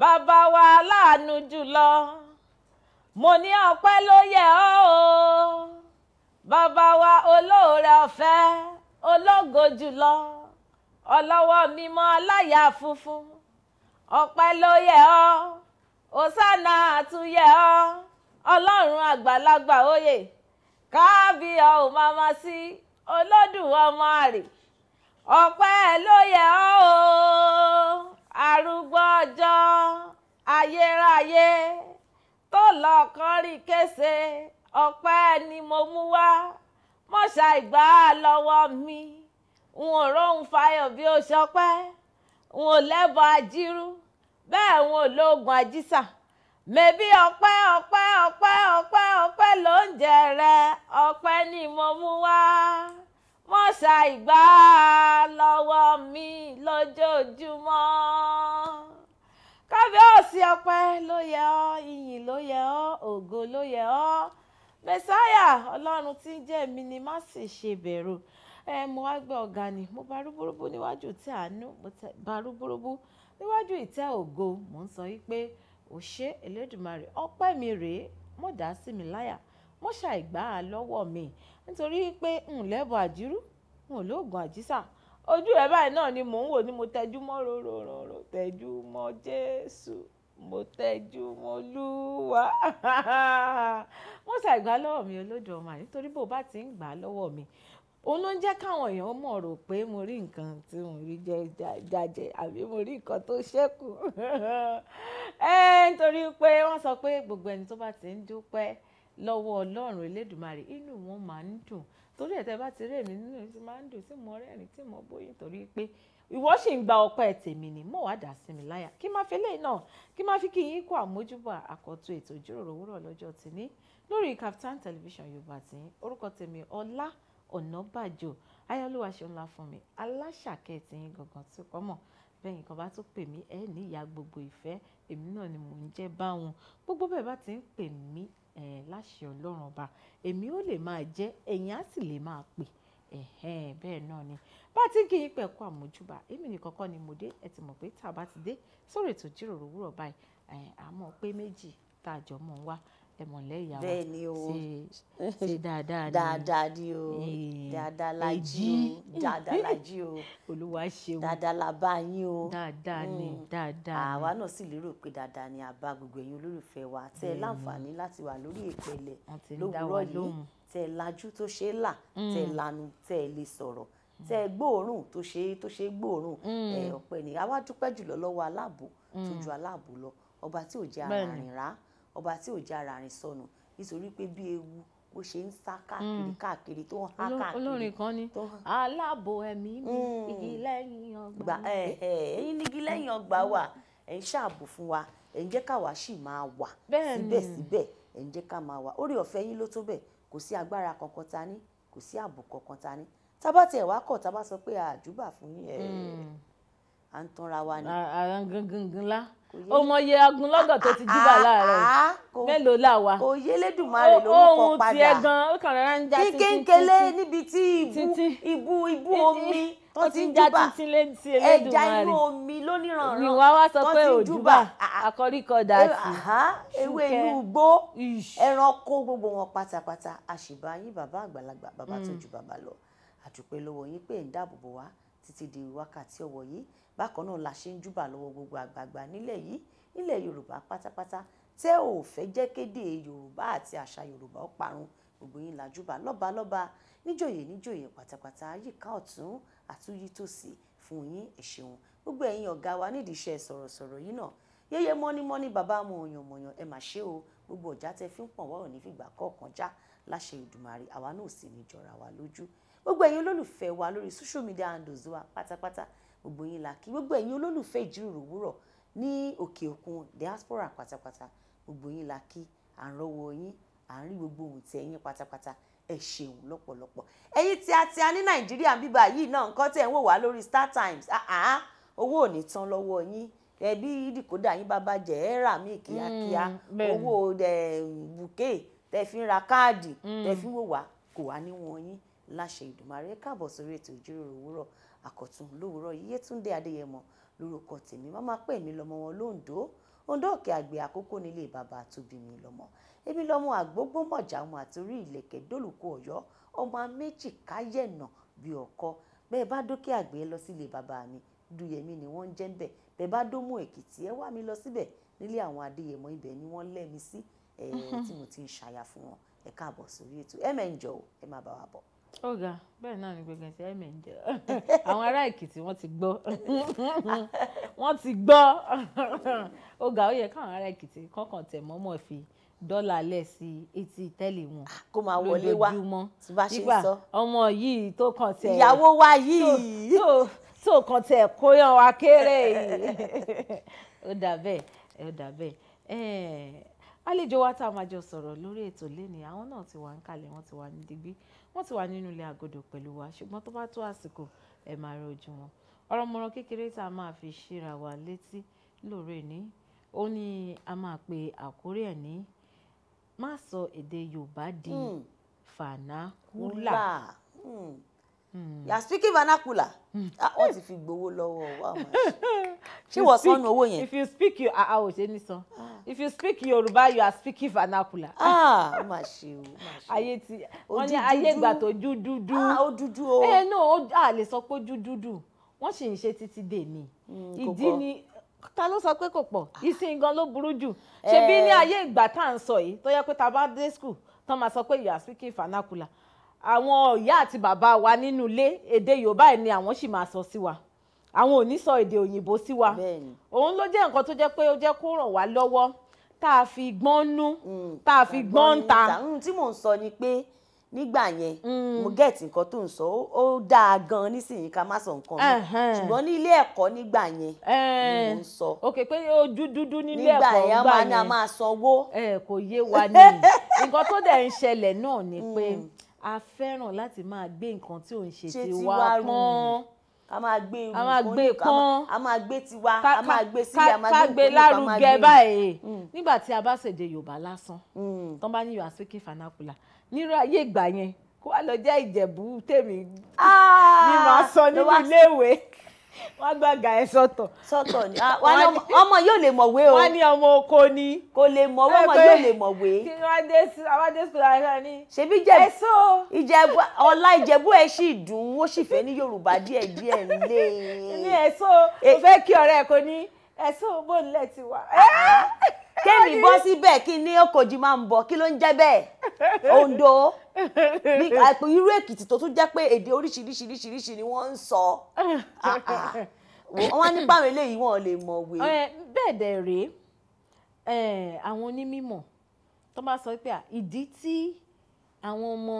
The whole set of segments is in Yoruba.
bàbá wa láàánú jùlọ mo ní ọpẹ́ ló yẹ ọ́ o bàbá wa olóore ọ̀fẹ́ ológo jùlọ ọlọ́wọ́ mímọ́ aláyà funfun ọpẹ́ ló yẹ ọ́ òsánà àtúnyẹ ọ́ ọlọ́run àgbàlagbà òye káàbíyọ̀ ò máma sí olódùn ọmọ àrè ọpẹ́ ló yẹ ọ́ o arúgbó ọjọ́ ayérayé tó lọ kọrin kése ọpẹ́ ni mo mú wá mọ́ṣá ìgbà lọ́wọ́ mi n ò róhun fayọ̀ bí ó ṣọpẹ́ n ò lẹ́bọ ajírú bẹ́ẹ̀ n ò lóògùn ajísà mẹ́bí ọpẹ́ ọpẹ́ ọpẹ́ ọpẹ́ ọpẹ́ ló ń jẹ rẹ ọpẹ́ ni mo mú wá mọ́ṣá ìgbà lọ́wọ́ mi lójoojúmọ́ kábíyèsí ọpẹ́ ló yẹ ọ́ ìyìn ló yẹ ọ́ ògo ló yẹ ọ́ mẹsáyà ọlọ́run tí ń jẹ́ mi ni má sì ṣe bẹ̀rù ẹ mo wá gbé ọ̀gá ni mo bá rúbúrúbú níwájú ìtẹ́ àánú mo bá rúbúrúbú níwájú ìtẹ́ ògo mo ń sọ wípé ò ṣe Elédùmarè ọpẹ́ mi rèé mo dá sí mi láyà mo ṣàìgbà lọ́wọ́ mi nítorí pé n lẹ́bùn àjírú n àjísà ojú rẹ báyìí náà ni mò ń wò ní mo tẹjú mọ́ rorororo tẹjú mọ́ Jésù mo tẹjú mọ́ Olúwa mo ṣàìgbà lọ́wọ́ mi Olódùmarè nítorí bó bá ti ń gbà lọ́wọ́ mi òun ló ń jẹ́ káwọn èèyàn mọ̀ rò pé mo rí nǹkan tí mo rí jẹ jàjẹ àbí mo rí nǹkan tó ṣẹ́kù ẹ nítorí pé wọ́n sọ pé gbogbo ẹni tó bá ti ń dúpẹ́ lọ́wọ́ Ọlọ́run Elédùmarè inú wọn máa ń dùn torí ẹ̀ tẹ́ bá ti rí èmi nínú ti máa ń dùn tí mo rẹ́rìn tí mo bóyìn torí pé ìwọ sì ń gba ọpẹ́ tèmi ni mo wàá dà sí mi láyà kí má fi léyìn náà kí má fi kí yín kó àmójúbà àkọ́tù ètò ìjíròrò òwúrọ̀ lọ́jọ́ tìní lórí Kaftan television yorùbá tí orúkọ tèmi Ọlá Ọ̀nàbàjò ayọ́lúwa ṣe ńlá fún mi aláṣàkẹ́ tìyín gangan tí kò mọ̀ bẹ́ẹ̀ nǹkan bá tún pè mí ẹ níyà gbogbo ìfẹ́ èmi náà ni mò ń jẹ́ báwọn gbogbo bẹ́ẹ̀ bá ti ń pè mí láṣẹ ọlọ́run ọba èmi ó lè máa jẹ́ ẹ̀yin á sì lè máa pè bẹ́ẹ̀ náà ni bá a ti ń kí yín pẹ̀kú àmójúbà èmi nìkan kọ́ ni mo dé ẹ ti mọ̀ pé tá a bá ti dé sórí ètò ìjíròrò òwúrọ̀ báyìí àmọ́ pé méjì tá a jọ mọ̀ wá ẹmọ̀lẹ́ ìyá wa ṣe dáadáa ni dáadáa ni o dáadáa la o dáadáa la jí o olúwa ṣeun dáadáa la bá yín o dáadáa ni hmm. dáadáa àwa náà sì lérò pé dáadáa ni a gbogbo ẹ̀yin olólùfẹ́ wa tẹ́ ẹ láǹfààní láti wà lórí ìpẹ̀lẹ̀ lówùúrọ̀ yìí tẹ́ ẹ lajú tó ṣe é là tẹ́ ẹ hmm. lanu tẹ́ ẹ lè sọ̀rọ̀ hmm. tẹ́ ẹ gbóòórùn tó ṣe tó ṣe gbóòórùn ọpẹ́ ni àwa dúpẹ́ jùlọ lọ́wọ́ aláàbò tó ju aláàbò lọ ọba tí ò jẹ́ arìnrìn rà á ọba tí ò já ara rìn sọnù nítorí pé bí ewu bó ṣe ń sá káàkiri mm. káàkiri tó ń há káàkiri. olórin kan ni aláàbò ẹ̀mí mi mm. igi lẹ́yìn ọgbà mi. ẹ̀yin ní igi lẹ́yìn ọgbà wa ẹ̀ ń ṣààbò fún wa ẹ̀ ń jẹ́ káwa sì máa wà síbẹ̀síbẹ̀ ẹ̀ ń jẹ́ ká máa wà orí ọ̀fẹ́ yín ló tó bẹ̀ kò sí agbára kankan ta ní kò sí ààbò kankan ta ní tábà tiẹ̀ wá kọ̀ tábà sọ pé àjùbà fún yín ẹ̀ mm. à ń tanra wa ni. àrà gangan la ọmọ yẹ agunlọ́gọ̀ tó ti jíbà láàárọ̀ ah, ah, ah, mélòó là wá. òye lẹ́dùnmarè lórúkọ padà ohun tiẹ̀ gan ó kàn rárá ń já títí. kíkéńkélé níbi tí ibú ibú omi tó ti ń já títí létí Elédùmarè ẹja inú omi lóníranran ìwà wa sọ pé òjúbà àkọríkọdà sí. ewé inú igbó ẹranko gbogbo wọn pátápátá àṣìbáyín bàbá àgbàlagbà bàbá tó mm. ju bàbá lọ àdúpẹ́ lọ́wọ́ yín pé ń dáàbò bò wá títí di wákàtí ọ̀wọ̀ yìí bákan náà la ṣe ń júbà lọ́wọ́ gbogbo àgbààgbà nílẹ̀ yìí nílẹ̀ yorùbá pátápátá tẹ́ ò fẹ́ jẹ́ kéde yorùbá àti àṣà yorùbá ó parun gbogbo yín la júbà lọ́ba lọ́ba níjòyè níjòyè pátápátá yíká ọ̀tún àtúyí tòsí fún yín ẹ ṣeun gbogbo ẹ̀yin ọ̀gá wa nídìí iṣẹ́ sọ̀rọ̀sọ̀rọ̀ yìí náà yẹyẹ mọ́nímọ́ní bàbá mọ̀ọ̀yànmọ̀ọ̀yàn ẹ mà ṣe o gbogbo ọ̀já tẹ́ fi ń pọ̀n wọ́rọ̀ ní fìgbà kọ̀ọ̀kan já láṣẹ Èdùmàrè àwa náà sì ní jọra wa lójú gbogbo ẹ̀yin olólùfẹ́ wa lórí social media handles wa pátápátá gbogbo yín la kí gbogbo ẹ̀yin olólùfẹ́ ìjíròrò òwúrọ̀ ní òkè òkun diaspora pátápátá gbogbo yín la kí à ń rọ́wọ́ yín à ń rí gbogbo ohun tẹ yín pátápátá ẹ ṣeun lọ́pọ̀lọpọ̀ ẹ̀yin tí a ti a ní nàìjíríà bíbá yìí náà nǹkan tẹ̀ ń wò wá lórí Star Times owó ò ní tán lọ́wọ́ yín ẹbí dìkódà yín bá bàjẹ́ ẹ rà mí kíákíá mm, owó bùkẹ́ tẹ fi ń ra káàdì mm. tẹ fi ń wò wá kò wá níwọ̀n yín láṣẹ Ìdùmarè káàbọ̀ sórí ètò ìjíròrò òwúrọ̀ àkọ̀tún lówùúrọ̀ Yétúndé Adéyẹmọ lórúkọ tèmi má má pè mí lọ́mọ wọn lóńdó Oǹdó òkè àgbẹ̀ àkókò nílé bàbá tó bí mi lọ́mọ èmi lọ́mọ àgbógbómọ̀jà ọmọ àtòrí ìlẹ̀kẹ̀ dólùkọ ọ̀yọ́ ọmọ méjì káyẹ̀nà bí ọkọ bẹ́ẹ̀ bá dókè àgbẹ̀ lọ sílé bàbá mi dùyẹ̀mí ni wọ́n ń jẹ́ ń bẹ̀ bẹ́ẹ̀ bá dómú èkìtì ẹ wá mi lọ síbẹ̀ nílé àwọn adéyẹmọ ibẹ̀ ni wọ́n lẹ́mi sí tí mo ti ń ṣàyà fún wọn ẹ káàbọ̀ sórí ètò ẹ mẹ́ǹjọ o má bá wa bọ̀ ó ga bẹ́ẹ̀ náà ni gbẹ̀gẹ̀ sí ẹ̀mẹ̀ ń jẹ́ àwọn ará èkìtì wọ́n ti gbọ́ wọ́n ti gbọ́ ó ga ó yẹ káwọn ará èkìtì kọ́kàn tẹ̀ mọ́mọ́ fi dọ́là lẹ̀ sí etí tẹ́lẹ̀ wọn ah, kó máa wọlé wá tí bá ṣe sọ ọmọ yìí tó kàn tẹ̀ ìyàwó wa yìí tó kàn tẹ̀ kó yan wa kéré yìí ó dà bẹ́ẹ̀ ó dà bẹ́ẹ̀ àlejò wa tá a máa jọ sọ̀rọ̀ lórí ètò lẹ́nìí àwọn náà ti wà ń kalẹ̀ wọ́n ti wà ní digbí wọ́n ti wà nínú ilé àgọ́dọ̀ pẹ̀lú wa ṣùgbọ́n tó bá tó àsìkò ẹ̀ máa rẹ ojú wọn ọ̀rọ̀ mọ̀ràn kékeré tá a máa fi ṣíra wa létí lóore ní ó ní a máa pe àkórí ẹ̀ ní má sọ èdè Yorùbá di hmm. fànákúlà. Mm. Hmm. you are speaking vernacular hmm. ah, wọ́n ti fi gbowó lọ́wọ́ wa máa ṣe wọ́n san ní owó yẹn. if you speak your ah o ah, ṣe ní san ah. if you speak Yoruba, you are speaking vernacular. ah ó mà ṣe o mà ṣe o ayé ti wọ́n ah ó dúdú o. ẹ eh, náà a lè sọ pé jú dúdú wọ́n sì ń ṣe títí dè ní hmm, ìdí ni ta ló sọ pé kò pọ̀ ìsìn gan ló burú jù ṣebí ní eh. ayé ìgbà tá à ń sọ yìí tó school tán máa sọ you are speaking vernacular àwọn ìyá àti bàbá wa nínú ilé èdè yorùbá ẹ̀ ni àwọn sì máa sọ sí wa àwọn ò ní sọ èdè òyìnbó sí wa òun ló jẹ́ nǹkan tó jẹ́ pé ó jẹ́ kó ràn wá lọ́wọ́ tá a fi gbọ́n nú hmm. tá a fi gbọ́n ta. tí mò ń sọ ni pé nígbà yẹn hmm. mo get nǹkan tó ń sọ ó dáa gan nísìnyí ká má sọ nǹkan mi ṣùgbọ́n ní ilé ẹ̀kọ́ nígbà yẹn ni mo ń sọ. ok pé ojú dúdú nílé ẹ̀kọ́ nígbà yẹn nígbà yẹn a máa sanwó. ẹ kò yé wa ni nǹkan tó dẹ̀ ń ṣẹlẹ̀ náà ni pé. Hmm a fẹ́ràn láti máa gbé nǹkan tí ò ń ṣe tiwa pọ́n a máa gbé irun a máa gbé pọ́n a máa gbé tiwa a máa gbé sílẹ̀ a máa gbé nǹkan a máa gbé lárugẹ báyìí mm. nígbà tí a bá ṣèdè yorùbá lásán mm. tó bá ní you are speaking nírú ayé ìgbà yẹn kó wá lọ jẹ́ ìjẹ̀bú tèmi ah! ni màá sọ nínú iléèwé wọ́n gbàgà ẹ sọ́tọ̀. sọ́tọ̀ ni ah, ọmọ yóò lè mọ̀wé o. wọ́n ní ọmọ oko ni. kò lè mọ̀wé ọmọ yóò lè mọ̀wé. kí wọ́n dé àwọn dé sukùl àárẹ̀ ni. ṣebí jẹ̀bú ìjẹ̀bú ọlá ìjẹ̀bú ẹ̀ sì dùn ó sì fẹ́ ní yorùbá díẹ̀ díẹ̀ nílé. ní ẹ̀sọ́ mo eh- fẹ́ kí ọ̀rẹ́ ẹ̀ kò ní ẹ̀sọ́ bóun lẹ̀ ti wà. Ah, ah kémi bọ́ síbẹ̀ kí ní okòjì máa ń bọ̀ kí ló ń jẹ́ bẹ́ẹ̀ Ondo ní àpò irú Èkìtì tó tún jẹ́ pé èdè oríṣiríṣiríṣiríṣi ni wọ́n ń sọ ah, ah. wọ́n ní báwọn eléyìí wọn ò lè mọ̀wé. bẹ́ẹ̀ dẹ̀ rèé àwọn onímọ̀ tó bá sọ pé ìdí tí àwọn ọmọ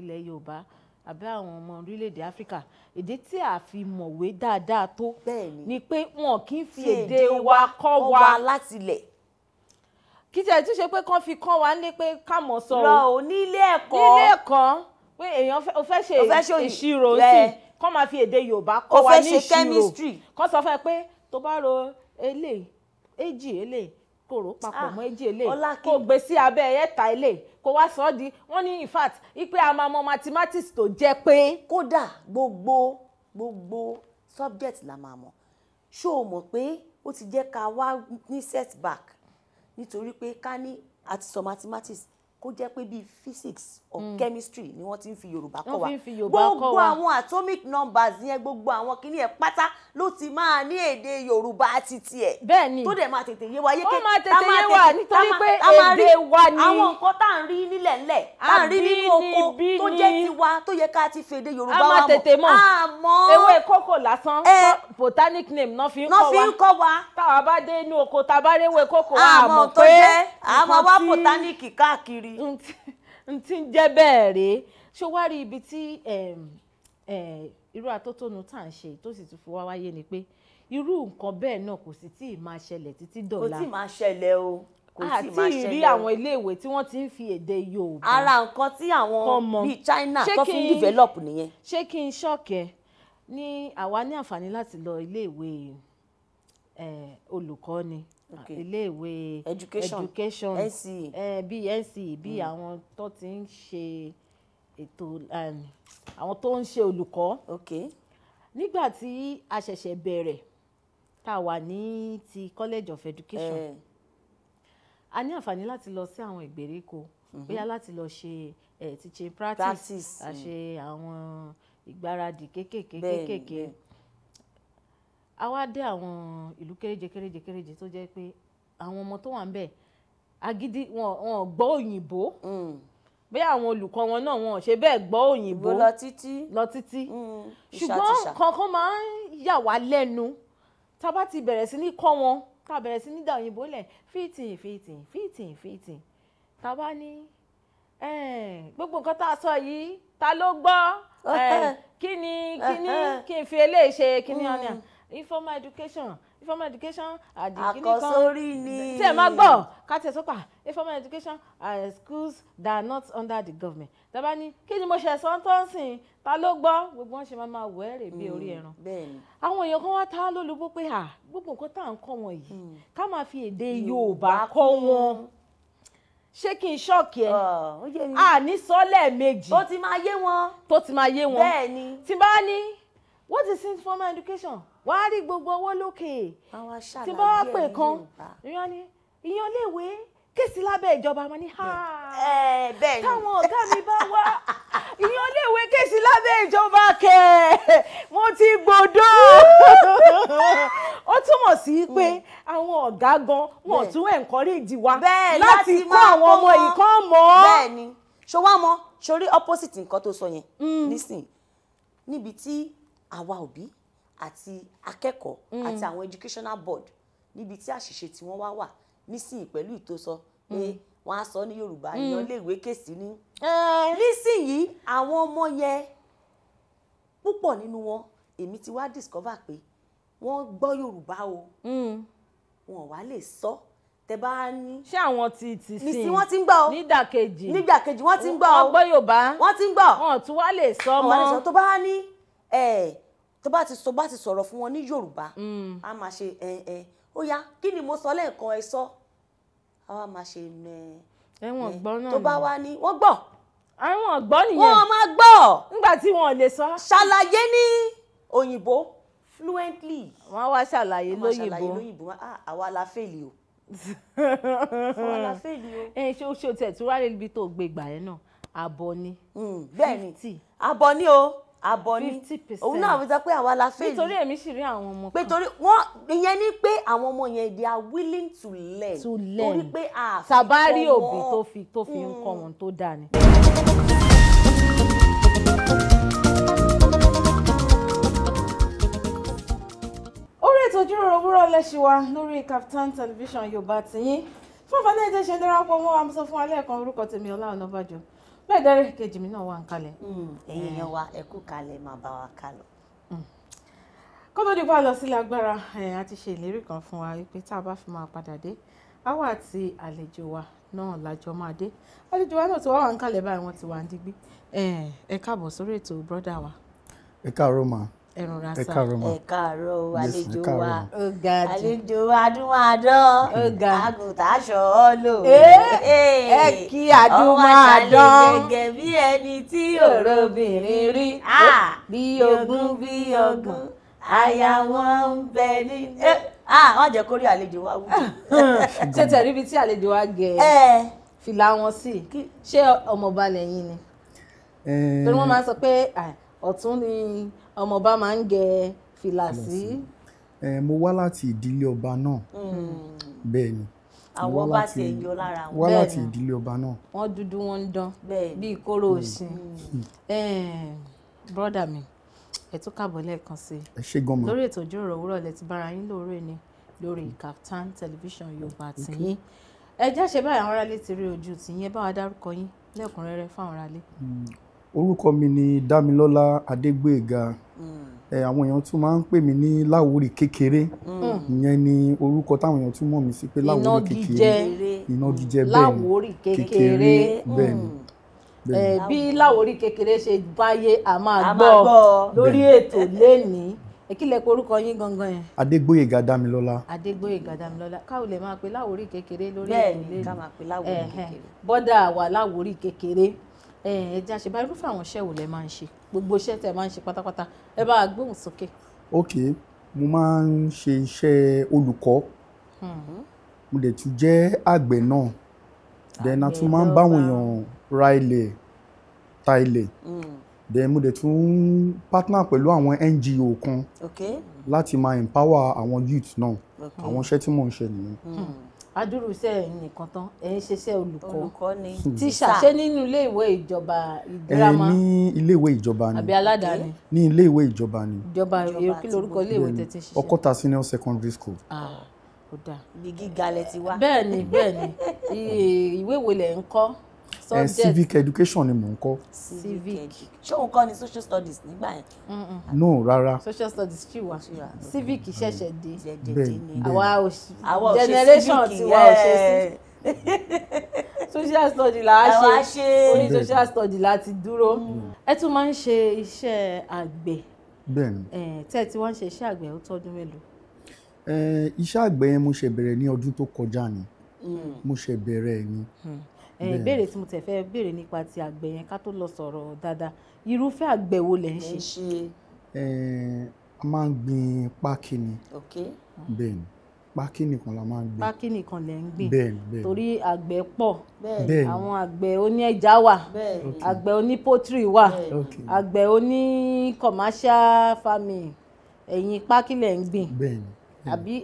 ilẹ̀ Yorùbá àbí àwọn ọmọ orílẹ̀-èdè áfíríkà èdè tí a fi mọ̀wé dáadáa tó ni pé wọn kì í fi èdè wa kọ́ wa látilẹ̀ kí tiẹ̀ tún ṣe pé kán fi kán wa ní pé ká mọ̀ sọ o lọ o nílé ẹ̀kọ́ nílé ẹ̀kọ́ pé èèyàn o fẹ́ ṣe ìṣirò sí kán máa fi èdè yorùbá kọ́ wa ní ìṣirò kán sọ fún ẹ pé tó bá ro eléyìí èjì eléyìí kò rò papọ̀ ah, mọ́ èjì eléyìí kò gbé sí abẹ́ ẹ̀ta eléyìí kó wá sọ ọ́ di wọ́n ní in fact ipe a máa mọ mathematics tó jẹ́ pé kódà gbogbo gbogbo subject la máa mọ̀ ṣó o mọ̀ pé ó ti jẹ́ ká wá ní setback nítorí pé ká ní àti sọ mathematics kó jẹ́ pé bíi physics or mm. chemistry ni wọ́n ti ń fi yorùbá kọ́ wa gbogbo àwọn atomic numbers yẹn gbogbo àwọn kìíní ẹ̀ pátá ló ti máa ní èdè yorùbá títí ẹ̀ bẹ́ẹ̀ni tó dẹ̀ máa tètè yé wa yéké ó máa tètè yé wa nítorí pé èdè wa ni àwọn nǹkan tá à ń rí nílẹ̀ ńlẹ̀ tá à ń rí nínú oko tó jẹ́ tiwa tó yẹ ká ti fèdè yorùbá wa mọ̀ àmọ́ ewé kókò lásán eh. botanic name náà fi ń kọ́ wa táwa bá dé inú oko tá a bá rí ewé kókò wa àmọ́ pé botanic káàkiri rí. n ti ń jẹ́ bẹ́ẹ̀ rèé ṣó wá rí ibi tí irú atótónu tá à ń ṣe tó sì tún fi wá wáyé ni pé irú nǹkan bẹ́ẹ̀ náà kò sì tí máa ṣẹlẹ̀ títí dọ̀la. kò tí máa ṣẹlẹ̀ o kò tí ì máa ṣẹlẹ̀ o àti rí àwọn iléèwé tí wọ́n ti ń fi èdè Yorùbá. ara nǹkan tí àwọn bíi China tó fi ń develop nìyẹn. ṣé kí n ṣọ́ọ̀kẹ́ ní àwa ní àǹfààní láti lọ iléèwé olùkọ́ni iléèwé education nce eh, bí nce bí mm. àwọn tó ti ń ṣe ètò àwọn tó ń ṣe olùkọ́ nígbà tí a ṣẹ̀ṣẹ̀ bẹ̀rẹ̀ tá a wà ní ti college of education eh. a ní àǹfààní láti lọ sí àwọn ìgbèríko mm-hmm. bóyá láti lọ ṣe eh, teaching practice àṣe mm. àwọn ìgbáradì kéékèèké kéékèèké a wá dé àwọn ìlú kéréje kéréje kéréje tó jẹ́ pé àwọn ọmọ tó wà ń bẹ̀ agídí wọn ò gbọ́ òyìnbó mm. bí àwọn olùkọ́ wọn náà wọn ò ṣe bẹ́ẹ̀ gbọ́ òyìnbó lọ títí lọ títí mm. ṣùgbọ́n kankan máa ń yà wá lẹ́nu tá a bá ti bẹ̀rẹ̀ sí ní kọ́ wọn tá a bẹ̀rẹ̀ sí ní dá òyìnbó lẹ̀ fíìtìn fíìtìn fíìtìn fíìtìn tá a bá ní gbogbo nǹkan tá a sọ yìí ta ló gbọ́ kí ni kí ni kí n fi eléyìí ṣe kí ni mm. ọ̀nà informal education informal education àdìkíní kan àkọsórí ni tí ẹ máa gbọ́ káti ẹ sọpà informal education are schools that are not under the government tẹ́bá ní kí ni mo ṣe sọ tó ń sìn ta ló gbọ́ gbogbo wọn ṣe máa máa wọ ẹ̀rẹ̀ bí orí ẹran mm, àwọn èèyàn kan wá ta lólobó pé à gbogbo nǹkan tá à ń kọ́ wọn yìí mm. ká máa fi èdè Yorùbá kọ́ wọn ṣé kí n ṣọ́ọ̀kì ẹ à ní sọ́lẹ̀ méjì tó ti máa yé wọn tó ti máa yé wọn bẹ́ẹ̀ ni tí bá ní what is in formal education wàá rí gbogbo owó lókè tí bá wá pè kan ìyọ́n ni ìyọ́n léèwé kéèsì lábẹ́ ìjọba wọn ni táwọn ọ̀gá mi bá wá ìyọ́n léèwé kéèsì lábẹ́ ìjọba kẹ̀ mo ti gbọ́dọ̀ ó túmọ̀ sí pé hmm. àwọn ọ̀gá gan wọn tún encourage wa láti kọ́ àwọn ọmọ yìí kan mọ́ bẹ́ẹ̀ ni ṣọwọ́ mọ́ sórí opposite nǹkan tó sọ yẹn hmm. nísìn níbi tí àwa òbí àti akẹ́kọ̀ọ́ mm. àti àwọn educational board níbi tí àṣìṣe tí wọ́n wá wà nísìnyí pẹ̀lú ìtòsọ mm. pé wọ́n á sọ ní Yorùbá mm. yan léèwé kèsì ní. Eh. nísìnyí àwọn ọmọ yẹn púpọ̀ nínú wọn èmi ti wá discover pé wọ́n gbọ́ Yorùbá o wọn wá lè sọ tẹ bá ní. ṣé àwọn ti ti sìn nísìnyí wọ́n ti ń gbọ́ o nídàkejì nídàkejì ti ń gbọ́ o wọ́n gbọ́ Yorùbá wọ́n ti ń gbọ́ o wọn tún wá lè sọ mọ́. àwọn àlejò tó bá ní ẹ tó bá ti sọ bá ti sọ̀rọ̀ fún wọn ní yorùbá mm. a máa ṣe ẹ ẹ ó yá kí ni mo sọ lẹ́ẹ̀kan ẹ sọ a wá máa ṣe ẹ ẹ wọn gbọ́ náà tó bá wá ní wọ́n gbọ́ àwọn gbọ́ nìyẹn wọ́n máa gbọ́ nígbà tí wọ́n lè sọ. ṣàlàyé ní òyìnbó fluently. wọ́n wá ṣàlàyé lóyìnbó wọ́n wá ṣàlàyé lóyìnbó ah, àwa la fèlì o àwa la fèlì o. ẹ ṣé o ṣe o tẹ̀ tí wàá lè ibi tó gbé gbà yẹn náà àbọ̀ ni. Hmm, bẹ́ẹ̀ ni àbọ̀ ni o abọ ni òun náà wíjọ pé àwa la fẹ́ yìí nítorí èmi sì rí àwọn ọmọ kan pé torí wọn ìyẹn ni pé àwọn ọmọ yẹn they are willing to learn to learn torí pé a fi kọ́ wọn sàbárì òbí tó fi tó fi ń kọ́ mm. wọn tó dáa ni. orí ètò ìjíròrò òwúrọ̀ lẹ́sìn wa lórí Kaftan television Yorùbá tiyín fún àǹfààní ẹ̀jẹ̀ ṣe ń darapọ̀ mọ́ wa mo sọ fún wa lẹ́ẹ̀kan orúkọ tèmi Ọlá Ọ̀nàbàjọ́ bẹ́ẹ̀ kejì mi náà wà ń kalẹ̀. Hmm, ẹ̀yin èèyàn wa ẹ kú kalẹ̀ máa bá wa ká lọ. Hmm. kó tó di pa lọ sílé agbára a ti ṣe ìlérí kan fún wa pé tá a bá fi máa padà dé àwa àti àlejò wa náà lájọ máa dé àlejò wa náà ti wá wà ń kalẹ̀ báyìí wọ́n ti wà ń digbí ẹ káàbọ̀ sórí ètò bọ́dà wa. ẹ káàárọ̀ máa ẹrùn rasa ẹ káàárọ̀ àlejò wa àlejò adúmáadán àgùntà aṣọ ọlọ ẹ kí adúmáadán ọmọ àṣàlẹ gẹ́gẹ́ bí ẹni tí òrobìnrin rí ah, ah, bí ogún bí ọgbọ̀n àyà wọn ń bẹ ní. ah wọn jẹ kórè àlejò wa wù. ṣé tẹ̀rí ibi tí àlejò wa gẹ̀ ẹ́ fìlà wọn sí ṣé ọmọọba lẹ́yìn ni. torí wọ́n máa ń sọ pé ọ̀tún ni ọmọọba máa ń gẹ fìlà sí. ẹ mo wá láti ìdílé ọba náà hmm. bẹ́ẹ̀ ni àwọn ọba ti ẹyọ lára wọn bẹ́ẹ̀ ni wá láti ìdílé ọba náà. wọn dúdú wọn ń dán bíi kóró òsín hmm. brọdà mi ẹ tún kàbọ̀ sí i lórí ètò ìjíròrò òwúrọ̀ lẹ ti bára yín lóore ni lórí hmm. Kaftan television yorùbá tìyín ẹ jẹ́ ṣe báyìí àwọn aráalé ti rí ojú tìyín ẹ bá wa dárúkọ yín lẹ́kùnrẹ́rẹ́ fáwọn aráalé orúkọ mi ni Dámilọ́lá Adégbèga hmm. àwọn èèyàn tún máa ń pè mí ní Láwórì kékeré hmm. ìyẹn ni orúkọ táwọn èèyàn tún mọ̀ mí sí pé Láwórì kékeré ìnagijẹ bẹ́ẹ̀ ni Láwórì kékeré bẹ́ẹ̀ ni hmm. bí Láwórì kékeré ṣe báyé a máa gbọ́ lórí ètò lénìí èkìlẹ̀ korúkọ yín gangan yẹn. Adégbóyèga Dámilọ́lá. Adégbóyèga Dámilọ́lá káwọ lè máa pe Láwórì kékeré lórí ètò lénìí bẹ́ẹ̀ ni ká máa pe Láwórì kékeré. bọ́dà wà Láwórì kékeré ẹ̀ẹ́dí àṣebá irúfẹ́ àwọn iṣẹ́ wo lẹ máa ń ṣe gbogbo iṣẹ́ tẹ máa ń ṣe pátápátá ẹ bá gbóhùn sókè. ok mo máa ń ṣe iṣẹ́ olùkọ́ hmm. mo dẹ̀ tún jẹ́ àgbẹ̀ náà then a tún máa ń báwọn èèyàn ra ilẹ̀ ta ilẹ̀ hmm. then mo dẹ̀ tún partner pẹ̀lú àwọn NGO kan láti máa empower àwọn youth náà àwọn iṣẹ́ tí mò ń ṣe nìyẹn. Hmm adúrúsẹ nìkan tán ẹ ń ṣiṣẹ́ olùkọ́ tíṣà ṣé nínú ilé ìwé ìjọba girama ẹ ní ilé ìwé ìjọba ni àbí aládàáni ní ilé ìwé ìjọba ni ìjọba kí lorúkọ ilé ìwé tẹtí ṣiṣẹ́ ọkọta senior secondary school. Ah, ó dáa ibi gíga lẹ ti wá. bẹ́ẹ̀ni bẹ́ẹ̀ni ìwé wo lẹ ń kọ́ ẹ eh, civic education ni mò ń kọ́. civic ṣé òun kọ́ ni social studies nígbà yẹn. no rara. social studies ṣì wà civic ṣẹ̀ṣẹ̀ dé. bẹ́ẹ̀ bẹ́ẹ̀ àwa ò ṣe generation tiwa ò ṣe civic social studies la a ṣe orí social studies la ti dúró mm. ẹ tún máa ń ṣe iṣẹ́ àgbẹ̀ tẹ́ ẹ ti wá ń ṣe iṣẹ́ àgbẹ̀ ó tọ́dún mélòó. Eh, iṣẹ́ àgbẹ̀ yẹn mo ṣe bẹ̀rẹ̀ ní ọdún tó kọjá ni mm. mo ṣe bẹ̀rẹ̀ ni mm ìbéèrè tí mo tẹ̀ fẹ́ béèrè nípa ti àgbẹ̀ yẹn ká tó lọ sọ̀rọ̀ dáadáa irúfẹ́ àgbẹ̀ wo lẹ̀ ń ṣe. ẹ a máa ń gbin pákí ni bẹ́ẹ̀ ni pákí nìkan la máa ń gbìn. pákí nìkan lẹ̀ ń gbìn torí àgbẹ̀ pọ̀ àwọn àgbẹ̀ oní ẹja wà àgbẹ̀ oní poultry wà àgbẹ̀ oní commercial farming ẹ̀yin pákí lẹ̀ ń gbìn àbí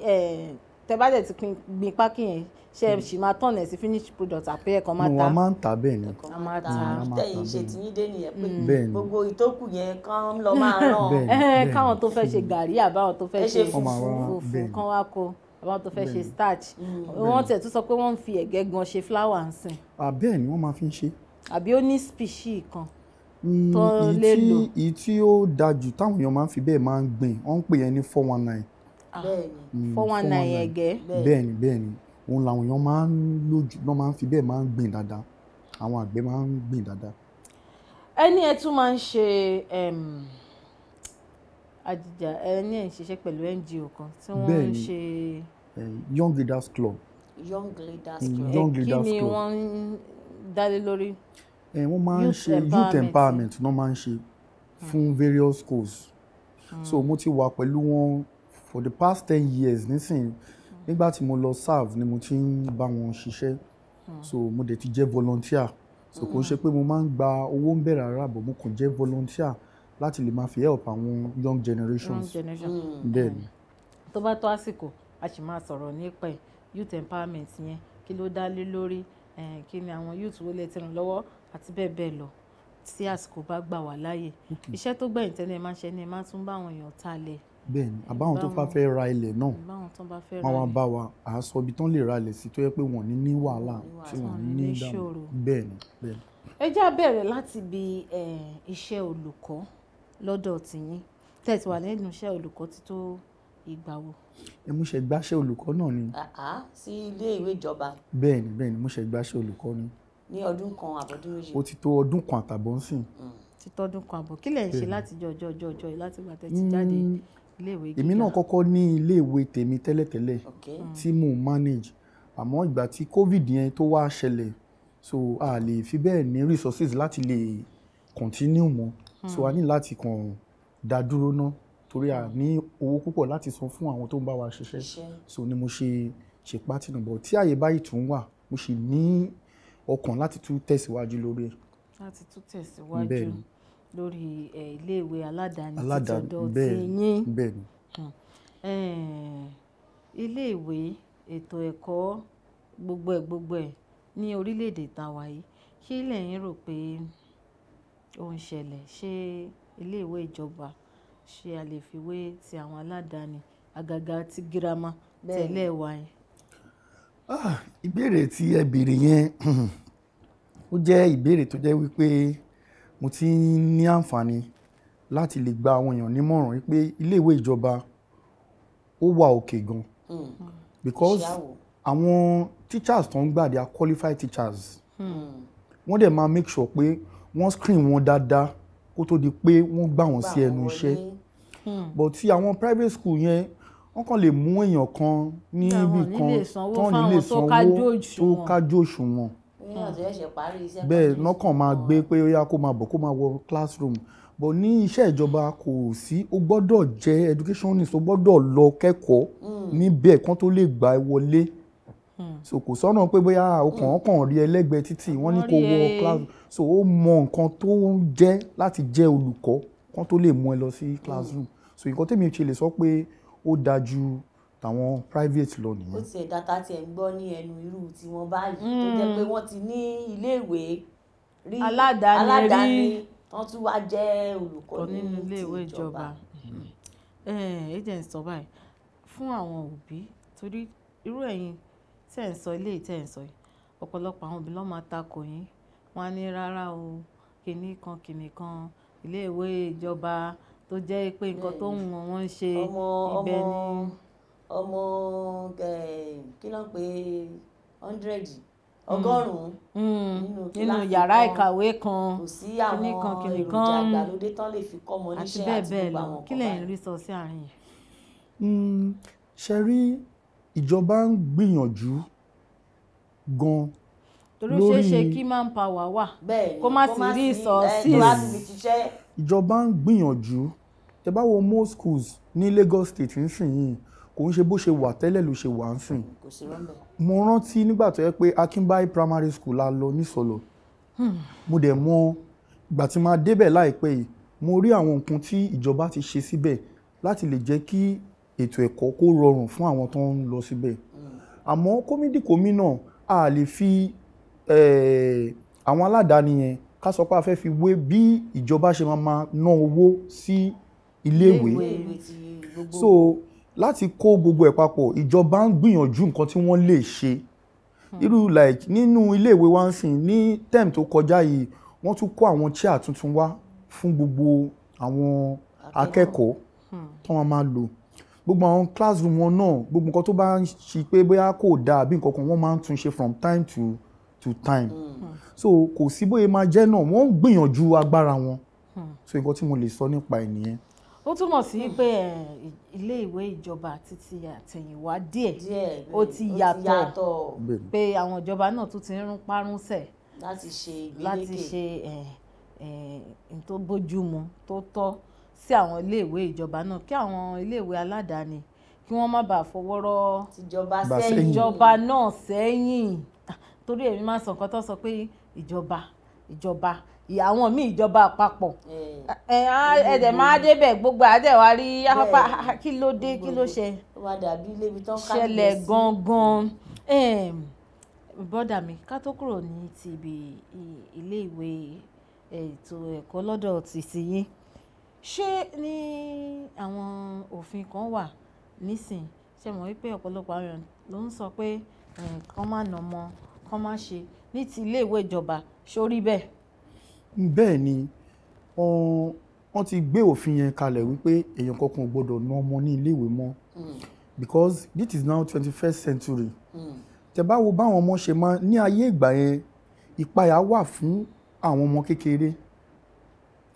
tẹ bá dẹ̀ ti gbin pákí yẹn ṣe é ṣì máa tọ̀nà sí finish product àpé ẹ̀kan máa ta. wọ́n máa ń ta bẹ́ẹ̀ ni. ẹ̀kan máa ta tẹ̀yìn ṣe tìyín dé nìyẹn pé mm. gbogbo ìtókù yẹn kan lọ máa ràn. Eh, káwọn tó fẹ́ ṣe gàrí àbáwọn tó fẹ́ ṣe fùfú kan wá kó àbáwọn tó fẹ́ ṣe starch mm. wọ́n tẹ̀ tún sọ pé wọ́n ń fi ẹ̀gẹ́ gan ṣe flour ń sìn. àbẹ́ẹ̀ ni wọ́n máa fi ń ṣe. àbí ó ní spíṣì kan mm, tó lè lò. ìyí ó dájú táwọn èèyàn máa ń fi bẹ́ẹ̀ máa ń gbìn wọ́n ń pè yẹn ní four one nine Ah. Mm, four one nine ẹ̀gẹ́. bẹ́ẹ̀ni bẹ́ẹ̀ni òun làwọn èèyàn máa ń lójú náà máa ń fi bẹ́ẹ̀ máa ń gbìn dáadáa àwọn àgbẹ̀ máa ń gbìn dáadáa. ẹni ẹ tún máa ń ṣe àjìjà ẹni ẹ ń ṣiṣẹ́ pẹ̀lú NGO kan tí wọ́n ń ṣe. Young Leaders Club. Young Leaders mm, Club. Young Leaders Club. kí ni wọ́n ń dálé lórí. wọ́n máa ń ṣe youth empowerment náà máa ń ṣe fún hmm. various schools. Hmm. so mo ti wà pẹ̀lú wọn for the past ten years nísìnyí nígbà tí mo lọ serve ni mo ti ń bá wọn ṣiṣẹ́ so mo dẹ̀ ti jẹ́ volunteer so kò ń ṣe pé mo máa ń gba owó ń bẹ̀rẹ̀ ara bọ̀ mo kàn jẹ́ volunteer láti lè máa fi help àwọn young generations Then. Hmm. ni. tó bá tó àsìkò a sì máa sọ̀rọ̀ nípa youth empowerment yẹn kí ló dá lé lórí kí ni àwọn youth wo lè ti ràn lọ́wọ́ àti bẹ́ẹ̀ bẹ́ẹ̀ lọ tí àsìkò bá gbà wá láàyè iṣẹ́ tó gbẹ̀yìn tẹ́lẹ̀ máa ń ṣe ni máa tún bá àwọn èèyàn talẹ̀ bẹ́ẹ̀ni àbáwọn tó bá fẹ́ ra ilẹ̀ náà wọn wá bá wa àásọ ibi tán lè ra ilẹ̀ sí tó yẹ pé wọ́n ní ní wàhálà tí wọ́n ní ní ìdààmú bẹ́ẹ̀ni bẹ́ẹ̀ni. ẹ já bẹ̀rẹ̀ láti ibi iṣẹ́ olùkọ́ lọ́dọ̀ tìyín tẹ̀sí wà lẹ́nu iṣẹ́ olùkọ́ ti tó ìgbà wo. ẹ mú ṣe gbáṣẹ́ olùkọ́ náà ni. sí ilé ìwé ìjọba. bẹ́ẹ̀ni bẹ́ẹ̀ni mú ṣe gbáṣẹ́ olùkọ́ ni. ní ọdún kan àbọ̀dún méjì. ó ti tó ọdún kan àtàbọ̀ ń sìn. Mm. ti tọdún kan àbọ̀ kí lẹ̀ ń ṣe láti jọjọ́ jọjọ́ láti gbà ti jáde hmm, iléèwé gíga èmi náà kọ́kọ́ ní iléèwé tèmi tẹ́lẹ̀tẹ́lẹ̀ tí mò manage àmọ́ ìgbà tí covid yẹn tó wá ṣẹlẹ̀ so a lè fi bẹ́ẹ̀ ní resources láti lè continue mọ́ so a ní hmm. láti kàn dá dúró náà torí a ní hmm. owó púpọ̀ láti san fún àwọn tó ń bá wa ṣiṣẹ́ so ni mo ṣe ṣe pátínà bọ̀ tí àyè báyìí tún wà mo sì ní ọkàn láti tún tẹ̀síwájú lórí ẹ̀. láti tún tẹ̀síwájú bẹ́ẹ̀ ni lórí iléèwé aládàáni títọ́dọ̀ tí yín iléèwé ètò ẹ̀kọ́ gbogbo ẹ̀ gbogbo ẹ̀ ní orílẹ̀-èdè tàwa yìí kí lẹ̀yin rò pé ó ń ṣẹlẹ̀ ṣé iléèwé ìjọba ṣé a lè fi wé ti àwọn aládàáni àgàgà ti girama tẹ̀lé wa yẹn. Ah, ìbéèrè tí ẹ béèrè yẹn ó jẹ́ ìbéèrè tó jẹ́ wípé mo ti ní àǹfààní láti lè gba àwọn èèyàn nímọ̀ràn wípé iléèwé ìjọba ó wà òkè gan hmm. because àwọn teachers tó ń gbà they are qualified teachers hmm. wọ́n dẹ̀ máa make sure pé wọ́n screen wọn dáadáa kó tó di pé wọ́n gbà wọ́n sí ẹnu iṣẹ́ hmm. but ti àwọn private school yẹn wọ́n kàn lè mú èèyàn kan ní ibì kan tó ní sanwó tó kájú òṣùwọ̀n bẹ́ẹ̀ lọ́kàn máa gbé pé ó yá kó máa bọ̀ kó máa wọ classroom bọ̀ ní iṣẹ́ ìjọba kò sí ó gbọ́dọ̀ jẹ́ educationist ó gbọ́dọ̀ lọ kẹ́kọ̀ọ́ hmm. níbẹ̀ kán tó lè gbà ẹ́ wọlé hmm. so kò sọ́nà pé bóyá ọkàn ọkàn rí ẹlẹ́gbẹ̀ẹ́ títì wọ́n ní kó wọ classroom so ó mọ nǹkan tó ń jẹ́ láti jẹ́ olùkọ́ kán tó lè mú ẹ lọ sí hmm. classroom so nǹkan tèmi ṣe lè sọ pé ó dájú tàwọn private loan, nìyẹn. ó ti ẹ̀dá ta tiẹ̀ ń gbọ́ ní ẹnu irú tiwọn báyìí tó hmm. jẹ́ pé wọ́n ti ní iléèwé rí aládàáni wọ́n tún wá jẹ́ olùkọ́ nínú iléèwé ìjọba. Hmm. Eh, agent sọ báyìí fún àwọn òbí torí irú ẹ̀yin tẹ̀ ń sọ ilé tẹ̀ ń sọ yìí ọ̀pọ̀lọpọ̀ àwọn òbí ló máa takò yín wọ́n á ní rárá o kìnnì kan kìnnì kan iléèwé ìjọba tó jẹ́ pé nǹkan tó ń wọ́n ń ṣe ibẹ̀ ni. ọmọ ọmọ ọmọ kí ló ń pè hundred hmm. ọgọ́rùn-ún hmm. nínú yàrá ìkàwé kan kò sí àwọn èròjà hmm. ìgbàlódé tán lè fi kọ́ ọmọ níṣẹ́ àti gbogbo àwọn kan báyìí. kí lẹ́yìn rí sọ sí àárín yẹn. ṣe rí ìjọba ń gbìyànjú gan-an torí ó ṣeé ṣe kí man power wà kó má sì rí resources. ìjọba ń gbìyànjú tẹ bá wo most schools ní Lagos State nísìnyìí kò ń ṣe bó ṣe wà tẹ́lẹ̀ ló ṣe wà ń sìn. kò sí rọ́ńbẹ́. mo rántí nígbà tó yẹ pé akínbáyé primary school la lọ nísọlọ hmm. mo dẹ̀ mọ ìgbà tí máa débẹ̀ láìpẹ́ yìí mo rí àwọn nǹkan tí ìjọba ti ṣe síbẹ̀ láti lè jẹ́ kí ètò ẹ̀kọ́ kó rọrùn fún àwọn tó ń lọ síbẹ̀ hmm. àmọ́ kómìdì kòmínà a lè fi àwọn aládàáni yẹn ká sọ pé a fẹ́ fi wé bí ìjọba ṣe máa ná owó sí iléèwé so láti kó gbogbo ẹ̀ papọ̀ ìjọba ń gbìyànjú nǹkan tí wọ́n lè ṣe irú like nínú iléèwé wa ń sìn ní term tó kọjá yìí wọ́n tún kó àwọn chair tuntun wá fún gbogbo àwọn akẹ́kọ̀ọ́ hmm. tó wọn máa lò gbogbo àwọn classroom wọn náà gbogbo nǹkan tó bá ń ṣe pé bóyá kò dáa àbí nǹkan kan wọ́n máa ń tún ṣe from time to to time mm. so kò sí bóyá máa jẹ́ náà wọ́n ń gbìyànjú agbára wọn hmm. so nǹkan tí mo lè sọ nípa ẹ̀ nìyẹn ó túmọ̀ sí pé ilé ìwé ìjọba títí àtẹ̀yìnwá díẹ̀ ó ti yàtọ̀ pé àwọn ìjọba náà tún ti ń rún párúnsẹ̀ láti ṣe láti ṣe tó bójúmu tó tọ́ sí àwọn ilé ìwé ìjọba náà kí àwọn ilé ìwé aládàáni kí wọ́n má bàa fọwọ́rọ́ ìjọba náà sẹ́yìn ah, torí èmi máa sọ nǹkan tó sọ pé ìjọba ìjọba àwọn míì ìjọba àpapọ̀ ẹ dẹ̀ máa débẹ̀ gbogbo àdẹ wa rí kí ló dé kí ló ṣe ṣẹlẹ̀ gangan bọ́dà mi ká tó kúrò ní ti ibi ilé ìwé ètò ẹ̀kọ́ lọ́dọ̀ títí yín ṣé ní àwọn òfin kan wà nísìn ṣe mọ̀ wípé ọ̀pọ̀lọpọ̀ àwọn ló ń sọ pé kán má nà ọmọ kán má ṣe ní ti ilé ìwé ìjọba ṣó bẹ́ẹ̀ bẹ́ẹ̀ ni wọ́n ti gbé òfin yẹn kalẹ̀ wípé èèyàn kankan ò gbọ́dọ̀ ná ọmọ ní iléèwé mọ́ hmm. because this is now twenty first century hmm. tẹ́ bá wo báwọn ọmọ ṣe máa ní ayé ìgbà yẹn ìpayà wà fún àwọn ọmọ kékeré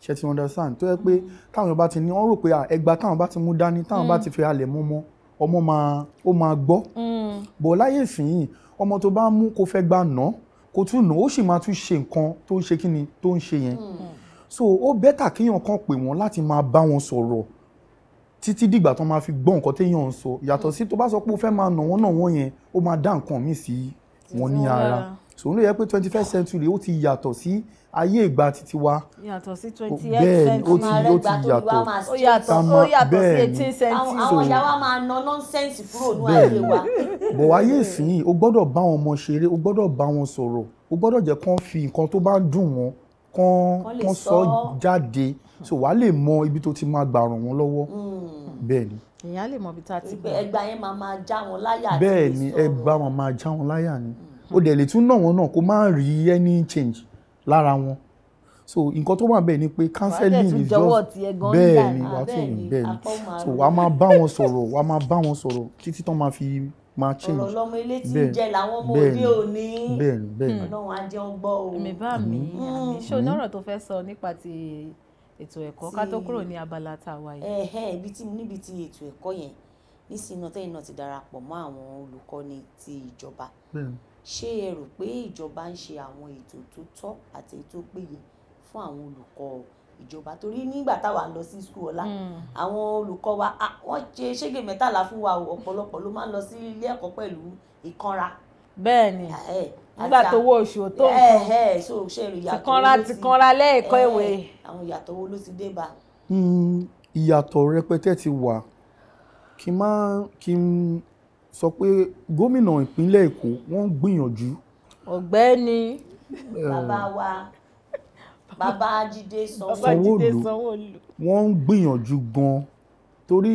ṣe ti understand tó yẹ pé hmm. táwọn bá ti ní wọ́n rò pé ẹgbà táwọn bá ti mú dání táwọn bá ti fi halẹ̀ mọ́ mọ́ ọmọ máa ó máa gbọ́ bọ̀ láyé ìsìn yìí ọmọ tó bá mú kó fẹ́ gbà náà kò tún nà ó sì máa tún ṣe nǹkan tó ń ṣe kí ni tó ń ṣe yẹn hmm. so ó bẹ́tà kéèyàn kan pè wọ́n láti máa bá wọn sọ̀rọ̀ títí dìgbà tó máa fi gbọ́ nǹkan téèyàn ń sọ yàtọ̀ sí hmm. tó bá sọ pé ó fẹ́ máa nà wọ́n nà wọ́n yẹn ó máa dá nǹkan míì sí wọn ní ara so ló yẹ pé twenty first century ó ti yàtọ̀ sí ayé ìgbà títí wa bẹ́ẹ̀ ó ti ó ti yàtọ̀ ó yàtọ̀ sí eighteen century. àwọn ìyá wa máa ná nọ́nsẹ̀nsì kúrò ní ayé wa. bọ̀ ayé ìsìn o gbọ́dọ̀ bá wọn mọ ṣeré o gbọ́dọ̀ bá wọn sọ̀rọ̀ o gbọ́dọ̀ jẹ́ kán fi nǹkan tó bá ń dùn wọn kán kán sọ jáde so wàá lè mọ ibi tó ti máa gbà ràn wọ́n lọ́wọ́ hmm. bẹ́ẹ̀ ni. èèyàn lè mọ ibi tá a ti gbà. ẹgbà yẹn máa máa já wọn láyà. bẹ́ẹ̀ ni ẹgbà máa máa já wọn láyà ni hmm. o dẹ̀ lè tún náà wọn náà kó má rí any change lára wọn so nǹkan tó wà bẹ́ẹ̀ ni pé counseling is just bẹ́ẹ̀ ni wà á tún yìn bẹ́ẹ̀ ni so wà á máa bá wọn sọ̀rọ̀ wà á máa bá wọn sọ̀rọ̀ títí tán máa fi máa change ọ̀rọ̀ lọ́mọ ilé tí ń jẹ làwọn ọmọ òde òní bẹ́ẹ̀ ni bẹ́ẹ̀ ni ọlọ́run á jẹun gbọ́ o. èmi bá mi àmì ṣé onírọ̀ tó fẹ́ sọ nípa ti ètò ẹ̀kọ́ ká tó kúrò ní abala tá a wà yìí. ẹ̀hẹ́ tí ètò ẹ̀kọ́ yẹn nísìnyí náà tẹ́yìn náà ti darapọ̀ mọ́ àwọn olùkọ́ni ti ìjọba. Ṣé ẹ rò pé ìjọba ń ṣe àwọn ètò tó tọ́ àti èyí tó péye fún àwọn olùkọ́ ìjọba? Torí nígbà táwa ń lọ sí school Ọlá, hmm. àwọn olùkọ́ wa, a, wọ́n ṣe ṣégè mẹ́tàlá fún wa o. Ọ̀pọ̀lọpọ̀ ló máa ń lọ sí ilé ẹ̀kọ́ pẹ̀lú ìkanra. Bẹ́ẹ̀ni, ah, eh, nígbà tó owó oṣù tó nǹkan, tìkanra tìkanra lẹ́ẹ̀kọ́ eh, ìwé. Àwọn ìyàtọ̀ wo ló ti dé bá? Hmm, ìyàtọ̀ rẹpẹtẹ ti wà. Kí n má, kí n sọ pé gómìnà ìpínlẹ̀ Èkó wọ́n ń gbìyànjú. ọ̀gbẹ́ni bàbá wa bàbá Jídé Sanwó-Olú wọ́n ń gbìyànjú gan-an torí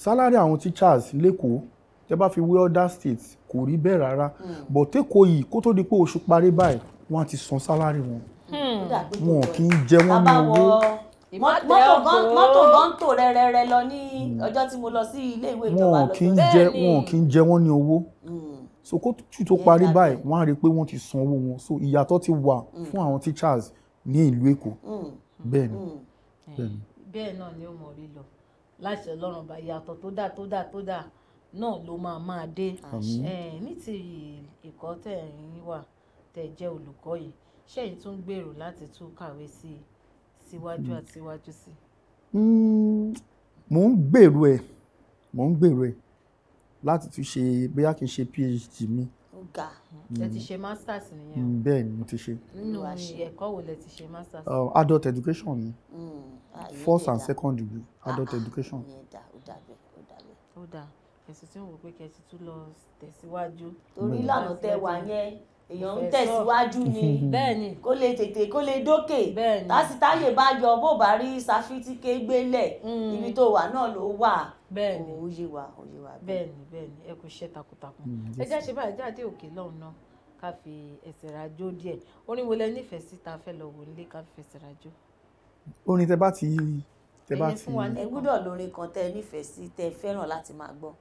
sálárì àwọn teachers lẹ́kọ̀ọ́ tẹ́ bá fi wé other states kò rí bẹ́ẹ̀ rárá hmm. bọ̀ tẹ́kọ̀ọ́ yìí kó tó di pé oṣù parí báyìí wọ́n á ti san sálárì wọn hmm. wọn kì í jẹ wọ́n ní owó mọ́tò gan tò rẹ́rẹ́rẹ́ lọ ní hmm. ọjọ́ tí mo lọ sí ilé ìwé ìjọba lọ́dún bẹ́ẹ̀ ni wọn kì í jẹ wọ́n ní owó hmm. so kó tù tó parí báyìí wọ́n á rí i pé wọ́n ti san owó wọn so ìyàtọ̀ ti wà hmm. fún àwọn teachers ní ìlú Èkó bẹ́ẹ̀ ni. bẹ́ẹ̀ náà ni ó mọ̀ rí lọ láṣẹ Ọlọ́run bá ìyàtọ̀ tó dà tó dà tó dà náà ló máa máa dé ní ti ẹ̀kọ́ tẹ̀ ń wà tẹ̀ jẹ́ olùkọ́ yìí ṣẹ́yìn tún gbèrò láti tún kàwé sí i síwájú hmm. àti síwájú sí. mo hmm, ń gbèrú ẹ mo ń gbèrú ẹ láti tún ṣe bóyá kí n ṣe phd mi. ó ga ẹ ti hmm. ṣe masters nìyẹn. bẹ́ẹ̀ ni mo ti ṣe. nínú ẹ̀kọ́ wo lẹ ti ṣe masters. Um, adult education ni ah, first and second degree adult ah, education. ó dà ó tí wọ́n wò pé kẹ́sì tún lọ tẹ̀síwájú. torí ìlànà tẹ wà yẹn èèyàn ń tẹ̀síwájú ni bẹ́ẹ̀ni kó lè tètè kó lè dókè bẹ́ẹ̀ni tásítáyè bá yọ bó bá rí sáfítìké gbélẹ̀ hmm. ibi tó wà náà ló wà ó yé wa ó yé wa bẹ́ẹ̀ni bẹ́ẹ̀ni ẹ kò ṣe takuntakun hmm, ẹ jẹ́ àṣẹ báyìí jáde òkè lọ́hùn náà ká fi ẹsẹ̀ rajó díẹ̀ orin wo lẹ nífẹ̀ẹ́ sí ta fẹ́ lọ wò nílé ká fi ẹsẹ̀ rajó. orin tẹ bá ti tẹ bá ti. ẹ gbúdọ̀ lórin kan tẹ nífẹ̀ẹ́ sí tẹ fẹ́ràn láti máa gbọ́.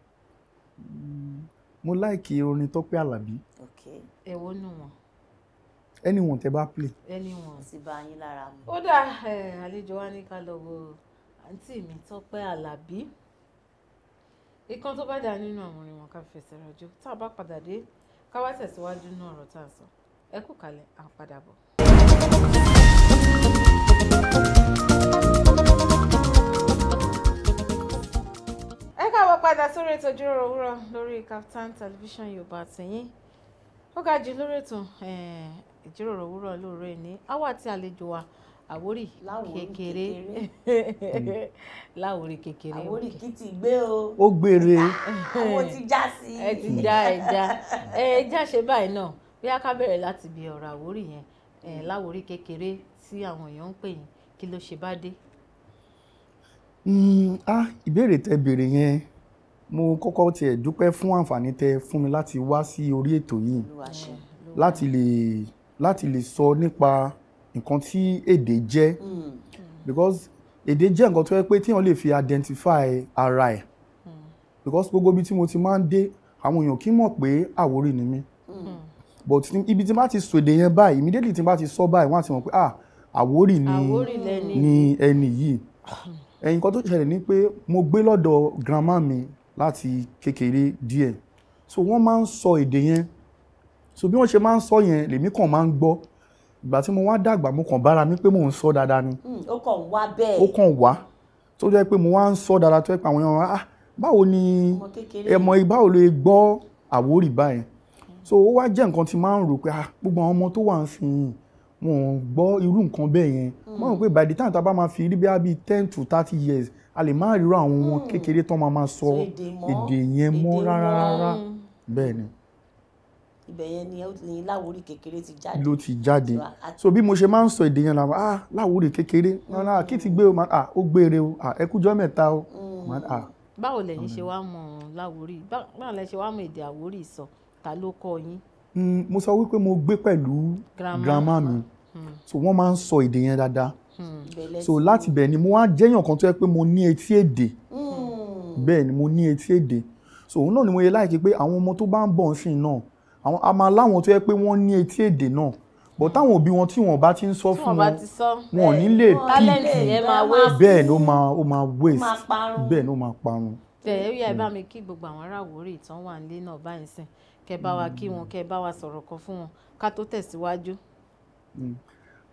Hmm, mo láìkì orin Tọ́pẹ́ Àlàbí okay. èwo nù wọn. anyone tẹ bá play. anyone sì bá yín lára mu. ó dà àlejò wa ní ká lọ wo àǹtí mi Tọ́pẹ́ Àlàbí ikán tó bá dà nínú àwọn orin wọn ká fẹsẹ̀ rajò tá a bá padà dé ká wá tẹ̀síwájú náà ọ̀rọ̀ tá a sọ ẹ kú kalẹ̀ à padà bọ̀. ẹ káwọ́ padà sórí ètò ìjíròrò òwúrọ̀ lórí Kaftan television Yorùbá tìyín ó ga jù lórí ètò eh, ìjíròrò òwúrọ̀ lóore ní àwa tí àlejò wa àwórì kékeré láwórì kékeré àwórì kì í ti gbé o ó gbére àwọn ah, ti já sí i ẹ ti já ẹ já ẹ já ṣe báyìí náà bí a ká bẹ̀rẹ̀ láti bí ọ̀rọ̀ àwórì yẹn láwórì kékeré tí àwọn èèyàn ń pè yín kí ló ṣe bá dé. Hmm, ah ìbéèrè tẹ béèrè yẹn mo kọ́kọ́ tiẹ̀ dúpẹ́ fún àǹfààní tẹ fún mi láti wá sí orí ètò yìí láti lè láti lè sọ nípa nǹkan tí èdè jẹ́ because èdè jẹ́ nǹkan tó yẹ pé téèyàn lè fi identify ara ẹ̀ because gbogbo ibi tí mo ti máa ń dé àwọn èèyàn kì mọ̀ pé àwórì ni mí but ibi tí n bá ti sọ èdè yẹn báyìí immediately tí n bá ti sọ báyìí wọ́n á ti mọ̀ pé ah àwórì ni ni ẹni yìí ẹ̀yìn kan tó ṣẹlẹ̀ ni pé mo gbé lọ́dọ̀ grandma mi láti kékeré díẹ̀ so wọ́n máa ń sọ èdè yẹn so bí wọ́n ṣe máa ń sọ yẹn lèmi kàn máa ń gbọ́ ìgbà tí mo wá dàgbà mo kàn bára mi pé mò ń sọ dáadáa ni. Hmm, ó kàn wá bẹ́ẹ̀. ó kàn wá tó jẹ́ pé mo wá ń sọ dáadáa tó jẹ́ pé àwọn èèyàn wá ah báwo ni ẹmọ báwo ló gbọ́ àwórì báyẹn so ó wá jẹ́ nǹkan tí máa ń rò pé ah gbogbo àwọn ọmọ tó wà ń sìn yìí wọn ò gbọ́ irú nǹkan bẹ́ẹ̀ yẹn wọ́n hmm. rò pé by the time tá a bá máa fi rí bí i ten to thirty years a lè má ríro àwọn ohun hmm. kékeré tó máa máa sọ èdè yẹn mọ́ rárá rárá bẹ́ẹ̀ ni. ibẹ̀ yẹn ni ó ní láwórí kékeré ti jáde. ló ti jáde so bí mo ṣe máa ń sọ èdè yẹn làwọn ah láwórí kékeré náà ah, kí ti gbé o máa ah ó gbére o ah ẹkújọ́ mẹ́ta o máa hmm. ah. báwo lẹ̀yin ṣe wá mọ̀ láwórí báwo lẹ ṣe wá mọ̀ èdè àwórí sọ ta ló kọ́ yín. Hmm, mo sọ wípé mo gbé pẹ̀lú grandma mi so wọ́n máa ń sọ èdè yẹn dáadáa Hmm. so láti bẹ̀ ni mo wá jẹ́yàn kan tó yẹ pé mo ní etí èdè hmm. bẹ́ẹ̀ ni mo ní etí èdè so òun náà ni mo yẹ láìkí pé àwọn ọmọ tó bá ń bọ̀ sí náà àwọn a máa láwọn tó yẹ pé wọ́n ní etí èdè náà but táwọn òbí wọn tí wọn bá ti ń sọ fún wọn wọn ò ní lè píìkì bẹ́ẹ̀ ló máa ó máa waste bẹ́ẹ̀ ló máa parun. bẹ́ẹ̀ ó yẹ ẹ bá mi kí gbogbo àwọn aráàwọ orí ìtàn wà nílé náà báyìí sìn kẹ́ bá wa kí wọn kẹ́ bá wa sọ̀rọ̀ kan fún wọn ká tó tẹ̀síwájú. Hmm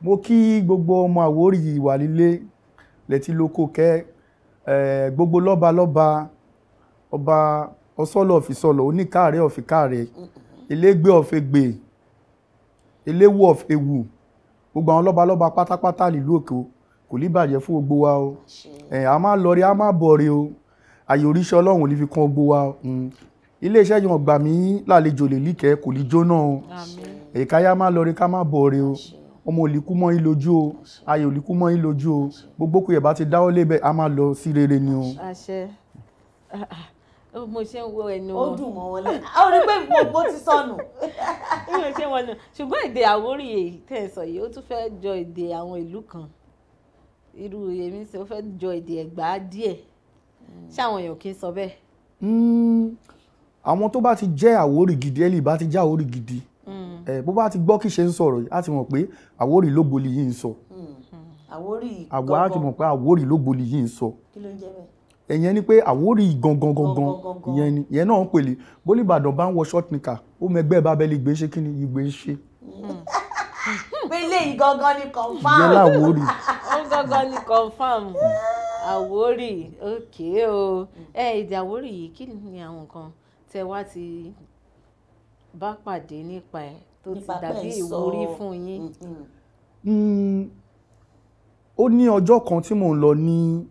mo kí gbogbo ọmọ Àwórì ìwà líle lẹ́tí lóko kẹ́ gbogbo lọ́ba lọ́ba ọba ọsọ́lọ̀ ọ̀fìsọ̀lọ̀ oníkàárẹ̀ ọ̀fìkàárẹ̀ elégbé ọ̀fẹ́gbè eléwù ọ̀fẹ́wù gbogbo àwọn lọ́ba lọ́ba pátápátá nílùú Èkó kò ní bàjẹ́ fún gbogbo wa o a máa lọ rí a máa bọ̀ rí o àyè oríṣi ọlọ́run ní fi kan gbogbo wa hmm. iléeṣẹ́ yìí wọ́n gbà lè líkẹ́ kò ní jóná o èyíká máa lọ rí ká máa bọ̀ rí o ọmọ òlìkú mọ́ yín lójú o ayé òlìkú mọ́ yín lójú o gbogbo kò yẹ bá ti dáwọ́ lébẹ̀ a máa lọ sí rere ni o. àṣẹ mo ṣe ń wo ẹnu wọn. ó dùn mọ́ wọn lẹ́nu ó rí pé gbogbo ti sọnù. mi ò ṣe wọn nù ṣùgbọ́n èdè Àwórì tẹ̀ ń sọ yìí ó tún fẹ́ jọ èdè àwọn ìlú kan irú èmi ṣe ó fẹ́ jọ èdè Ẹ̀gbá díẹ̀ ṣé àwọn èèyàn kì í sọ bẹ́ẹ̀. Hmm, àwọn tó bá ti jẹ́ Àwórì gidi ẹ́lì bá ti jẹ́ Àwórì gidi ẹ eh, bó bá ti gbọ́ kí ṣe ń sọ̀rọ̀ yìí á ti mọ̀ pé àwórì lógbòlì yìí ń sọ. Hmm, àwórì gangan àwa á ti mọ̀ pé àwórì lógbòlì yìí ń sọ. kí ló ń jẹ́ bẹ́ẹ̀. ẹ̀yẹn ni pé àwórì gangan gangan ìyẹn ni ìyẹn náà ń pèlè bólúbàdàn bá ń wọ short nika ó mẹgbẹ́ bábẹ́lì gbé ṣe kí ni ìgbé ń ṣe. Hmm. pé eléyìí gangan ni confam. ìyẹn láwórì. ó gangan ni confam àwórì òkè o ẹ hmm. eh, èdè àwórì yìí kí ni àwọn nǹkan tẹ wá ti bá pàdé nípa ẹ tó ti dàbí ìwúrí fún yín. Mm, mm. Mm, ó ní ọjọ́ kan tí mò ń lọ ní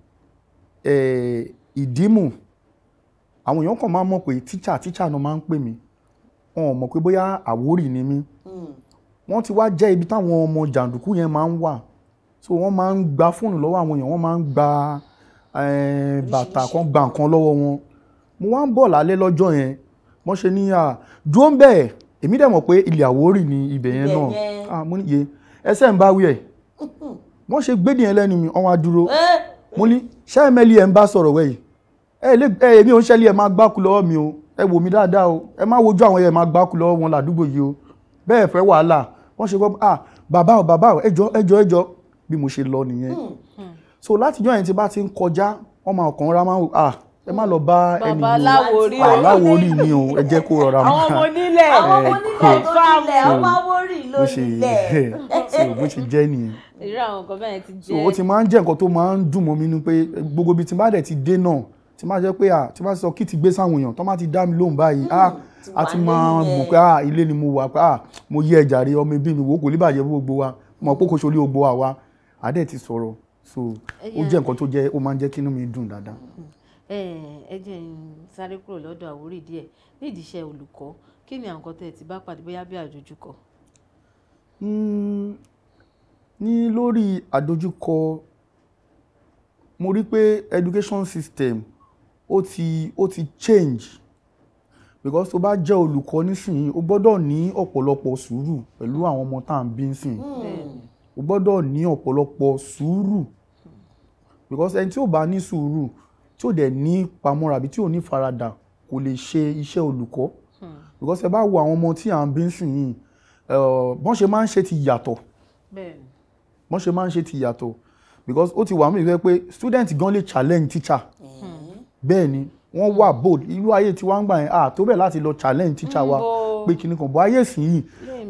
ìdímù àwọn èèyàn kan máa ń mọ̀ pé tíṣà tíṣà náà máa ń pè mí wọn ò mọ̀ pé bóyá àwórì ni mí wọ́n ti wá jẹ́ ibi táwọn ọmọ jàǹdùkú yẹn máa ń wà so wọ́n máa ń gba fóònù lọ́wọ́ àwọn èèyàn wọ́n máa ń gba bàtà kan gba nǹkan lọ́wọ́ wọn mo wá ń bọ̀ lálẹ́ lọ́jọ́ yẹn wọ́n ṣe ní dúró ń bẹ̀ èmi dẹ̀ mọ̀ pé ilẹ̀ Àwórì ni ibẹ̀ yẹn náà ah, mo ní iye ẹsẹ̀ ń bá wí ẹ̀ wọ́n ṣe gbédìí yẹn lẹ́nu mi ọ̀hún adúró mo ní ṣẹ́ẹ̀mẹ́lì ẹ̀ ń bá sọ̀rọ̀ wẹ̀yì ẹ̀ èmi ò ń ṣẹ́lẹ̀ ẹ̀ máa gbákù lọ́wọ́ mi o ẹ wò mí dáadáa o ẹ má wojú àwọn ẹ̀ máa gbákù lọ́wọ́ wọn ládùúgbò yìí o bẹ́ẹ̀ fẹ́ wàhálà wọ́n ṣe gbọ́ ah bàbá o bàbá o ẹjọ́ ẹjọ́ ẹjọ́ bí mo ṣe lọ nìyẹn hmm, hmm. so látijọ́ yẹn ti bá ti ń kọjá wọ́n máa kàn ra máa ah ẹ má lọ bá ẹni yìí aláwo orí ni o ẹ jẹ́ kó rọra máa àwọn ọmọ onílẹ̀ àwọn ọmọ onílẹ̀ lórílẹ̀ ọmọ awórì so bó ṣe jẹ́ nìyẹn. irú àwọn nǹkan bẹ́ẹ̀ ti jẹ́. so ó ti máa ń jẹ́ nǹkan tó máa ń dùn mọ́ mi nínú pé gbogbo ibi tí bá dẹ̀ ti dé náà tí n jẹ́ pé à tí n sọ kí ti gbé sáwọn èèyàn tó má ti dá mi lóhùn báyìí ah a ti máa mọ̀ pé ah ilé ni mo wà pé ah mo yẹ ẹ̀jàre ọmọ ibi mi wò kò lè gbogbo wa mọ̀ pé kò ṣolí gbogbo àwa àdẹ̀ ti sọ̀rọ̀ so ó jẹ́ nǹkan tó jẹ́ ó máa ń jẹ́ kínú mi dùn dáadáa. Hmm ẹ jẹ́ n sáré kúrò lọ́dọ̀ Àwórì díẹ̀ nídìí iṣẹ́ olùkọ́ kí ni àwọn nǹkan tẹ́ ẹ ti bá pàdé bóyá bí àdojúkọ. Hmm, ní lórí àdojúkọ mo rí pé education system ó ti ó ti change because tó bá jẹ́ olùkọ́ nísìnyí o gbọ́dọ̀ ní ọ̀pọ̀lọpọ̀ sùúrù pẹ̀lú àwọn ọmọ tá à ń bí nísìnyí hmm. o gbọ́dọ̀ ní ọ̀pọ̀lọpọ̀ sùúrù because ẹni tí ò bá ní sùúrù tí o dẹ̀ ní pamọ́ra àbí tí ò ní faradà kò lè ṣe iṣẹ́ olùkọ́ hmm. because ẹ bá wo àwọn ọmọ tí à ń bí sìn yìí bọ́n ṣe máa ń ṣe ti yàtọ̀ bọ́n ṣe máa ń ṣe ti yàtọ̀ because ó ti wà mí pé student gan lè challenge teacher hmm. bẹ́ẹ̀ ni wọ́n wà bold irú ayé tí wọ́n ń gbà yẹn à tó bẹ̀ láti lọ challenge teacher wa hmm, pé kinní kan bọ́ ayé sìn yìí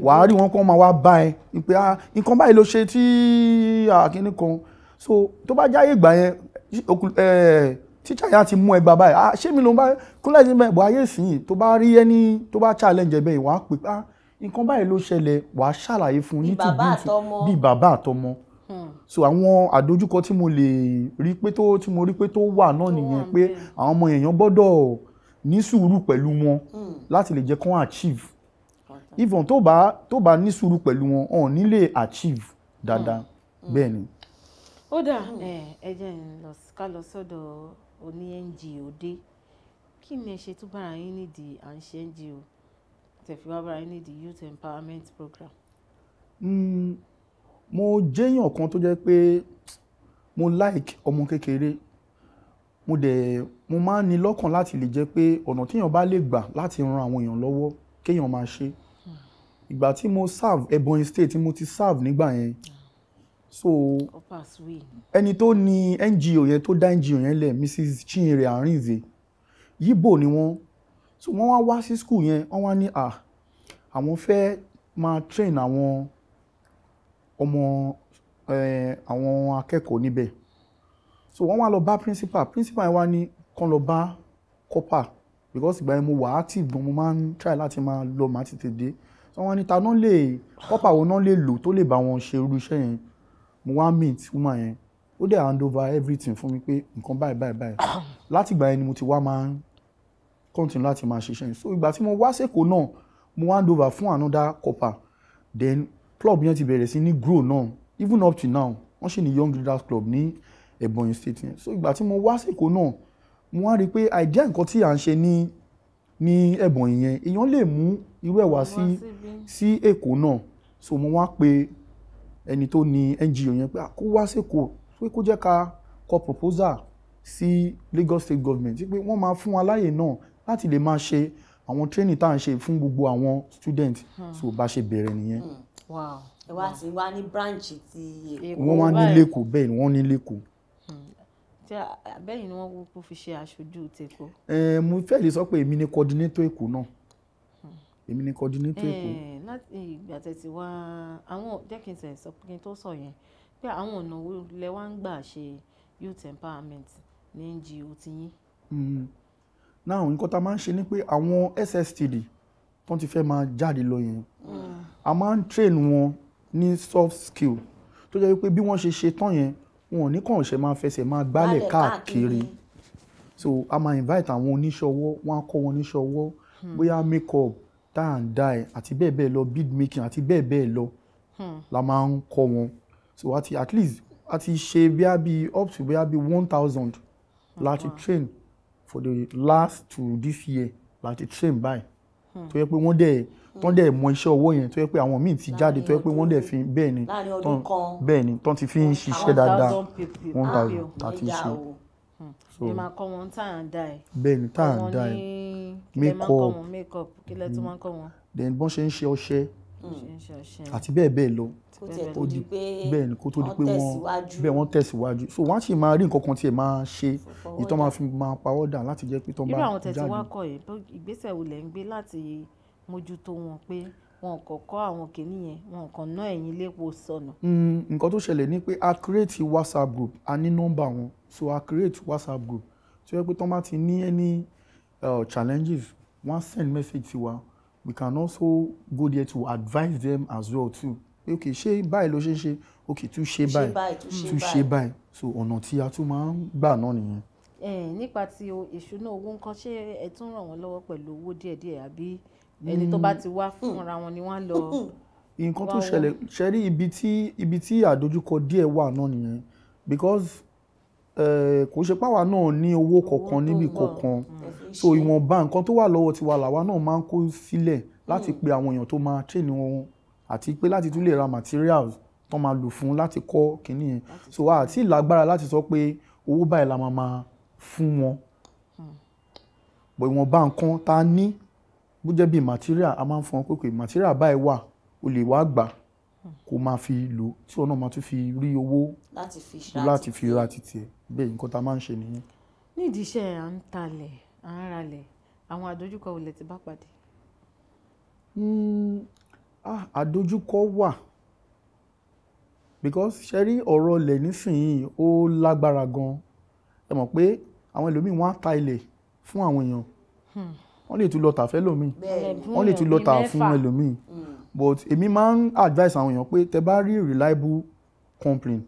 wàá rí wọn kàn máa wá bá ẹ pé ah, nǹkan báyìí ló ṣe tí ah, kinní kan so tó bá jáyé ìgbà yẹn tíṣà yà ti mú ẹgbàá báyìí ah ṣé mi ló ń bá kúnlẹ̀ sí bẹ́ẹ̀ bọ́ sìn tó bá rí ẹni tó bá challenge bẹ́ẹ̀ wàá pè ah nǹkan báyìí ló ṣẹlẹ̀ wàá ṣàlàyé fún un nítòbí bíi bàbá àtọmọ hmm. so àwọn àdójúkọ tí mo lè rí pé tó tí mo rí pé tó wà náà nìyẹn pé àwọn ọmọ èèyàn gbọ́dọ̀ ní sùúrù pẹ̀lú wọn hmm. láti lè jẹ́ kán achieve even tó bá tó bá ní sùúrù pẹ̀lú wọn ọ̀n nílé achieve dáadáa hmm. bẹ́ẹ̀ ni. ó dà ẹ ẹ jẹ́ ká lọ sọ́dọ̀ oní NGO dé kí ni ẹ ṣe tó bára yín nídìí à ń ṣe NGO tẹ̀fí wá bára yín nídìí youth empowerment program. Mm, mo jẹ́yàn kan tó jẹ́ pé mo like ọmọ kékeré mo dẹ̀ mo máa ń ní lọ́kàn láti lè jẹ́ pé ọ̀nà téèyàn bá lè gbà láti ran àwọn èèyàn lọ́wọ́ kéèyàn máa ṣe hmm. ìgbà tí mo serve Ebonyi state tí mo ti serve nígbà yẹn so ẹni tó ní NGO yẹn tó dá NGO yẹn lẹ̀ Mrs. Chinyere Arinze yibo ni wọ́n so wọ́n wá wá sí school yẹn wọ́n wá ní à àwọn fẹ́ máa train àwọn ọmọ àwọn akẹ́kọ̀ọ́ níbẹ̀ so wọ́n wá lọ bá principal principal yẹn wá ní kán lọ bá copper because ìgbà yẹn mo wà active gan mo máa ń try láti máa lọ màá ti tètè dé so wọ́n wá ní ta náà lè copper wọn náà lè lò tó lè bá wọn ṣe irú iṣẹ́ yẹn One wá meet woman yẹn ó dẹ̀ hand over everything fún mi pé nǹkan báyìí báyìí báyìí látìgbà yẹn ni mo ti wá máa ń continue láti máa ṣiṣẹ́ so ìgbà tí mo wá sẹ́kọ̀ọ́ náà mo hand over fún another copper then club yẹn ti bẹ̀rẹ̀ sí ní grow náà even up to now wọ́n ṣì ní young leaders club ní Ebonyi state yẹn so ìgbà tí mo wá sẹ́kọ̀ọ́ náà mo wá rí i pé àìjẹ́ nǹkan tí à ń ṣe ní ní Ebonyi yẹn èèyàn lè mú irú ẹ̀ wá sí sí Èkó náà so mo wá pe ẹni tó ní NGO yẹn pé kó wá sẹ́kọ̀ọ́ pé kó jẹ́ ká kọ proposal sí Lagos State Government pé wọ́n máa fún wa láyè náà láti lè máa ṣe àwọn training tá à ń ṣe fún gbogbo àwọn student hmm. so bá ṣe bẹ̀rẹ̀ nìyẹn. Hmm. wow ẹ wá ti wá ní branch ti Èkó wọ́n wá ní lẹ́kọ̀ọ́ bẹ́ẹ̀ ni wọ́n ní lẹ́kọ̀ọ́ hmm. tí ni wọ́n kúkú fi ṣe aṣojú tèkó. mo fẹ́ lè sọ pé èmi ni coordinator èkó náà èmi ni coordinator èkó. láti ìgbà tẹ̀sí wá àwọn jẹ́ kí n tẹ̀ sọ kí n tó sọ yẹn pé àwọn ọ̀nà wo lẹ wá ń gbà ṣe youth empowerment ní NGO ti yín. Hmm. náà nǹkan tá a máa ń ṣe ni pé àwọn SSTD tó ti fẹ́ máa jáde lọ yẹn a máa ń train wọn ní soft skill tó jẹ́ pé bí wọ́n ṣe ṣe tán yẹn wọn ò ní kàn ṣe máa fẹsẹ̀ máa gbálẹ̀ káàkiri so a máa invite àwọn oníṣòwò wọn á kọ́ wọn oníṣòwò hmm. bóyá make up tie and die àti bẹ́ẹ̀ bẹ́ẹ̀ lọ bead making àti bẹ́ẹ̀ bẹ́ẹ̀ lọ hmm. la máa ń kọ́ wọn so àti at least àti ṣe bíá bí up to bíá bí one thousand láti train for the last to this year láti train by, hmm. tó yẹ pé wọ́n dẹ̀ tán hmm. dẹ̀ mọ iṣẹ́ ọwọ́ yẹn tó yẹ pé àwọn míì ti jáde tó yẹ pé wọ́n dẹ̀ fi bẹ́ẹ̀ ni bẹ́ẹ̀ ni tán ti fi ń ṣiṣẹ́ dáadáa one ah, thousand thirty ṣe so ẹ máa kọ́ wọn tá à ń dá ẹ. bẹ́ẹ̀ni tá à ń dá ẹ make up kí lẹ tún máa kọ́ wọn. then bọ́n ṣe ń ṣe ọṣẹ àti bẹ́ẹ̀ bẹ́ẹ̀ lọ bẹ́ẹ̀ ni kó tó di pé wọ́n bẹ́ẹ̀ wọ́n tẹ̀síwájú so wọ́n á sì máa rí nǹkan kan tí ẹ máa ṣe ìtọ́ máa fi máa pawọ́ dà láti jẹ́ pé tọ́ bá jáde. irú àwọn tẹ̀síwákọ̀ yìí ìgbésẹ̀ wo lẹ̀ ń wọn kò kọ́ àwọn kìíní yẹn wọn kàn ná ẹ̀yìn lépo sọnù. Hmm, nǹkan tó ṣẹlẹ̀ ni pé a create whatsapp group a ní nọ́mbà wọn so a create whatsapp group tó yẹ pé tó bá ti ní any uh, challenges wọ́n send message to wa we can also go there to advise them as well too Okay, ṣé báyìí ló ṣe ń ṣe ok tún ṣe báyìí tún ṣe báyìí so ọ̀nà tí a tún máa ń gbà náà nìyẹn nípa ti ìṣúná owó nǹkan ṣé ẹ tún ràn wọ́n lọ́wọ́ pẹ̀lú owó díẹ̀díẹ̀ àbí ẹni tó bá hmm. ti wá fúnra hmm. wọn ni wọ́n lọ. Hmm. nǹkan tó ṣẹlẹ̀ ṣe rí ibi tí ibi tí àdójúkọ díẹ̀ wà náà nìyẹn because kò ṣe páwa náà ní owó kọ̀ọ̀kan níbi kọ̀ọ̀kan so ìwọ̀nba nǹkan tó wà lọ́wọ́ tiwa làwa náà máa ń kó sílẹ̀ láti pe àwọn èèyàn tó máa train wọn àti pé láti tún lè ra materials tó máa lò fún láti kọ́ kínní yẹn so àti ìlágbára láti sọ pé owó báyìí la máa máa fún wọn bọ̀ ìwọ̀nba nǹkan tá ní bó jẹ́ bí material a máa ń fún ọ pé pé material báyìí wà o lè wá gbà kó máa fi lò tí ọ̀nà máa tún fi rí owó láti fi ra títì ẹ̀ bẹ́ẹ̀ nǹkan tá a máa ń ṣe nìyẹn. nídìí iṣẹ́ à ń talẹ̀ à ń ralẹ̀ àwọn àdójúkọ olè ti bá pàdé. Hmm, ah, àdójúkọ wà because ṣe rí ọ̀rọ̀ ilẹ̀ nísìnyìí ó lágbára gan-an ẹ mọ̀ pé àwọn ẹlòmíín wọ́n á ta ilẹ̀ fún àwọn èèyàn hmm wọ́n lè tún lọ tà fẹ́ lòmíì wọ́n lè tún lọ tà fún ẹlòmíì mm. but èmi máa ń advice àwọn èèyàn pé tẹ bá rí reliable company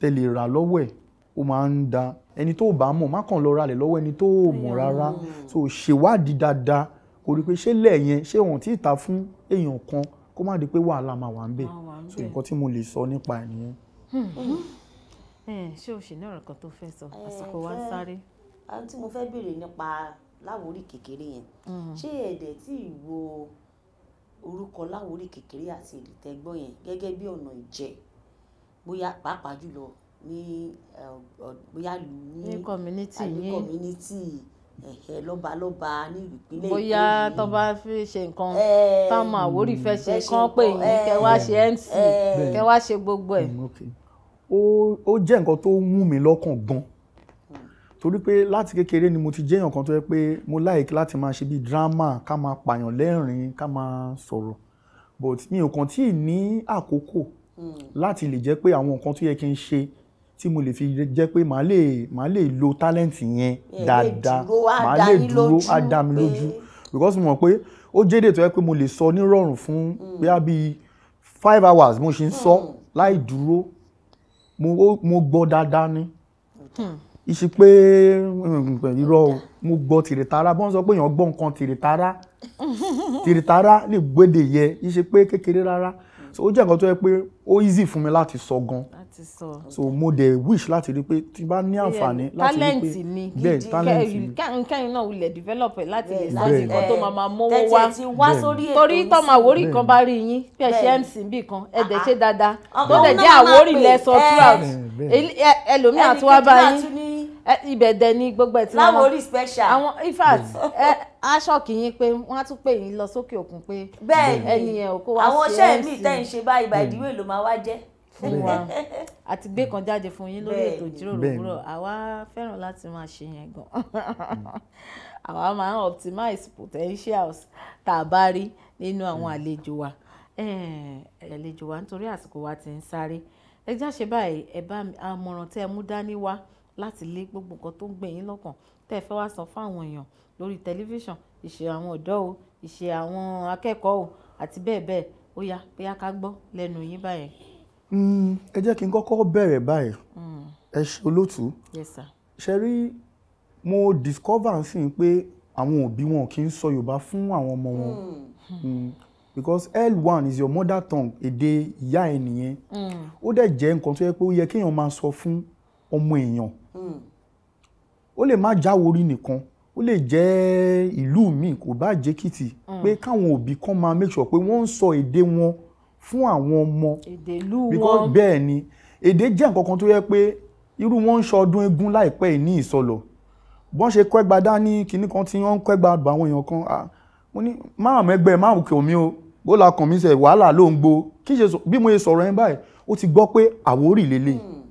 tẹ lè rà lọ́wọ́ ẹ̀ ó máa ń da ẹni tó bá mọ̀ má kàn lọ ralẹ̀ lọ́wọ́ ẹni tó mọ̀ rárá so ṣèwádìí dáadáa kò rí pé ṣé lẹ́yìn ṣé wọ́n ti ta fún èèyàn kan kó má di pé wàhálà máa wà ń bẹ̀ so nǹkan tí mo lè sọ nípa ẹ̀ nìyẹn. Hmm. Eh, ṣé o ṣì ní ọ̀rọ̀ kan tó fẹ́ sọ àsìkò wa ń sáré. àǹtí eh, mo fẹ́ béèrè nípa láwórí kékeré yẹn mm. ṣé ẹ̀dẹ̀ tí ìwo orúkọ láwórí kékeré àti ìrìtẹ́gbọ́ yẹn gẹ́gẹ́ bí ọ̀nà ìjẹ bóyá pàápàá jùlọ ní bóyá lù ní community ní community ẹ̀hẹ̀ lọ́balọ́ba ní ìpínlẹ̀ Èkó bóyá tó bá fi ṣe nǹkan táwọn Àwórì fẹ́ ṣe kán pè yín kẹ́ wá ṣe MC kẹ́ wá ṣe gbogbo ẹ̀. Mm, ó jẹ́ nǹkan tó wù mí lọ́kàn gan-an torí pé láti kékeré ni mo ti jẹ́yàn kan tó yẹ pé mo like láti máa ṣe bíi drama ká máa pààyàn lẹ́rìn-ín ká máa sọ̀rọ̀ but mi ò kàn tíì ní àkókò hmm. láti lè jẹ́ pé àwọn nǹkan tó yẹ kí n ṣe tí mo lè fi jẹ́ pé màá lè màá lè lo talent yẹn dáadáa màá lè dúró á lójú because mo mọ̀ pé ó jẹ́dẹ̀ tó yẹ pé mo lè sọ nírọ̀rùn fún hmm. bóyá bíi five hours mo ṣe ń sọ hmm. láì dúró mo gbọ́ dáadáa ni ìṣe pé mm, irọ́ mo gbọ́ tìrìtara bọ́n sọ pé èèyàn gbọ́ nǹkan tìrìtara tìrìtara lè gbédè yẹ ìṣe pé kékeré rárá so ó jẹ́ nǹkan tó yẹ pé ó easy fún mi láti sọ gan so mo dẹ̀ wish láti rí pé tí bá ní àǹfààní láti rí pé bẹ́ẹ̀ talent mi kẹ́yìn náà wulẹ̀ develop ẹ̀ láti lè láti nǹkan tó máa máa mówó wá torí tó máa wórì kan bá rí yín bí ẹ ṣe mc bí kan ẹ dẹ̀ ṣe dáadáa tó dẹ̀ jẹ́ àwórì lẹ́sọ̀ throughout ẹlòmíà tó wá bá yín ibẹ̀ dẹ ní gbogbo ẹ̀ tí wọ́n láwọn special àwọn in fact hmm. aṣọ kìíní pé wọ́n á tún pè yín lọ sókè òkun pé ẹni yẹn ò kó wá sí ẹ̀ àwọn iṣẹ́ mi tẹ́ ń ṣe báyìí by the hmm. way ló máa wá jẹ́ fún wa àti gbé kan jáde fún yín lórí ètò ìjíròrò òwúrọ̀ àwa fẹ́ràn láti máa ṣe yẹn gan hmm. àwa máa ń optimize potentials tá a bá rí nínú àwọn àlejò wa àlejò wa nítorí àsìkò wa ti ń sáré ẹ já báyìí ẹ bá àmọ̀ràn tẹ́ mú dání wá láti lé gbogbo nǹkan tó ń gbé yín lọ́kàn tẹ́ ẹ fẹ́ wá sọ fáwọn èèyàn lórí tẹlifíṣàn ìṣe àwọn ọ̀dọ́ o ìṣe àwọn akẹ́kọ̀ọ́ o àti bẹ́ẹ̀ bẹ́ẹ̀ ó yá bóyá ká gbọ́ lẹ́nu yín báyẹn. Hmm, ẹ jẹ́ kí n kọ́kọ́ bẹ̀rẹ̀ báyìí hmm. ẹ ṣe olótú ṣe rí mo discover sí i pé àwọn òbí wọn kì í sọ Yorùbá fún àwọn ọmọ wọn hmm. because l one is your mother tongue èdè ìyá ẹ nìyẹn ó dẹ̀ jẹ́ nǹkan tó yẹ pé ó yẹ kéèyàn máa sọ fún ọmọ èèyàn hmm. ó lè má jáwórí nìkan ó lè jẹ́ ìlú míì kò bá jẹ́kìtì hmm. pé káwọn òbí kan máa make sure pé wọ́n ń sọ èdè wọn fún àwọn ọmọ èdè ìlú wọn because bẹ́ẹ̀ ni èdè jẹ́ nǹkan kan tó yẹ pé irú wọn ń ṣọdún eégún láìpẹ́ yìí ní ìsọlọ̀ bọ́n ṣe kẹ́gba dání kinní kan tí wọ́n ń kẹ́gba àwọn èèyàn kan mo ní márùn ẹgbẹ́ márùn kò mí o bó la kàn mí sẹ̀ wàhálà ló ń gbo kí ṣe bí mo ṣe sọ̀rọ̀ yẹn báyìí ó ti gbọ́ pé àwórì lélẹ̀ hmm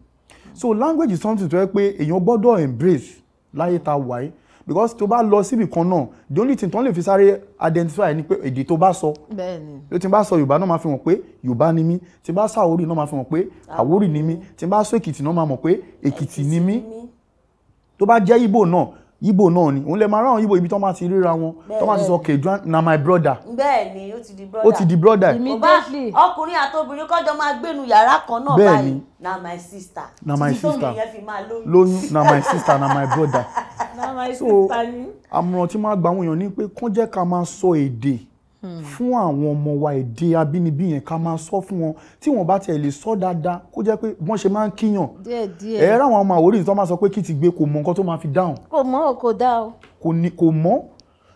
so language is something tó yẹ èèyàn gbọ́dọ̀ embrace láyé ta wáyé because tó bá lọ síbi kan náà the only thing tó ń lè fi sáré identify ni pé èdè tó bá sọ ló ti bá sọ yorùbá náà máa fi hàn pé yorùbá ni mí tí bá sọ náà máa fi hàn pé àwórì ni mí tí bá sọ èkìtì náà máa mọ̀ pé èkìtì ni mí tó bá jẹ́ ìgbò náà ibo náà ni òun lè máa ráwọn ibo ibi tó máa ti ríra wọn tó máa ti sọ kejì na my brother. bẹ́ẹ̀ ni ó ti di brother. ó ti di brother. immediately ọkùnrin àtobìnrin kọjọ máa gbénu yàrá kan náà báyìí na my sister. na my sister títí tómi yẹn fi máa lóyún. lóyún na my sister na my brother. na my sister ni. so àmọ̀ràn tí máa gba àwọn èèyàn ni pé kán ká máa sọ èdè fún àwọn ọmọ wa èdè abínibí yẹn ká máa sọ fún wọn tí wọn bá tiẹ̀ lè sọ dáadáa kó jẹ́ pé wọ́n ṣe máa ń kíyàn ẹ ráwọn ọmọ àwòrán ìtàn máa sọ pé kí ti gbé kò mọ nǹkan tó máa fi dáhùn. kò mọ o kò dá o. kò ní kò mọ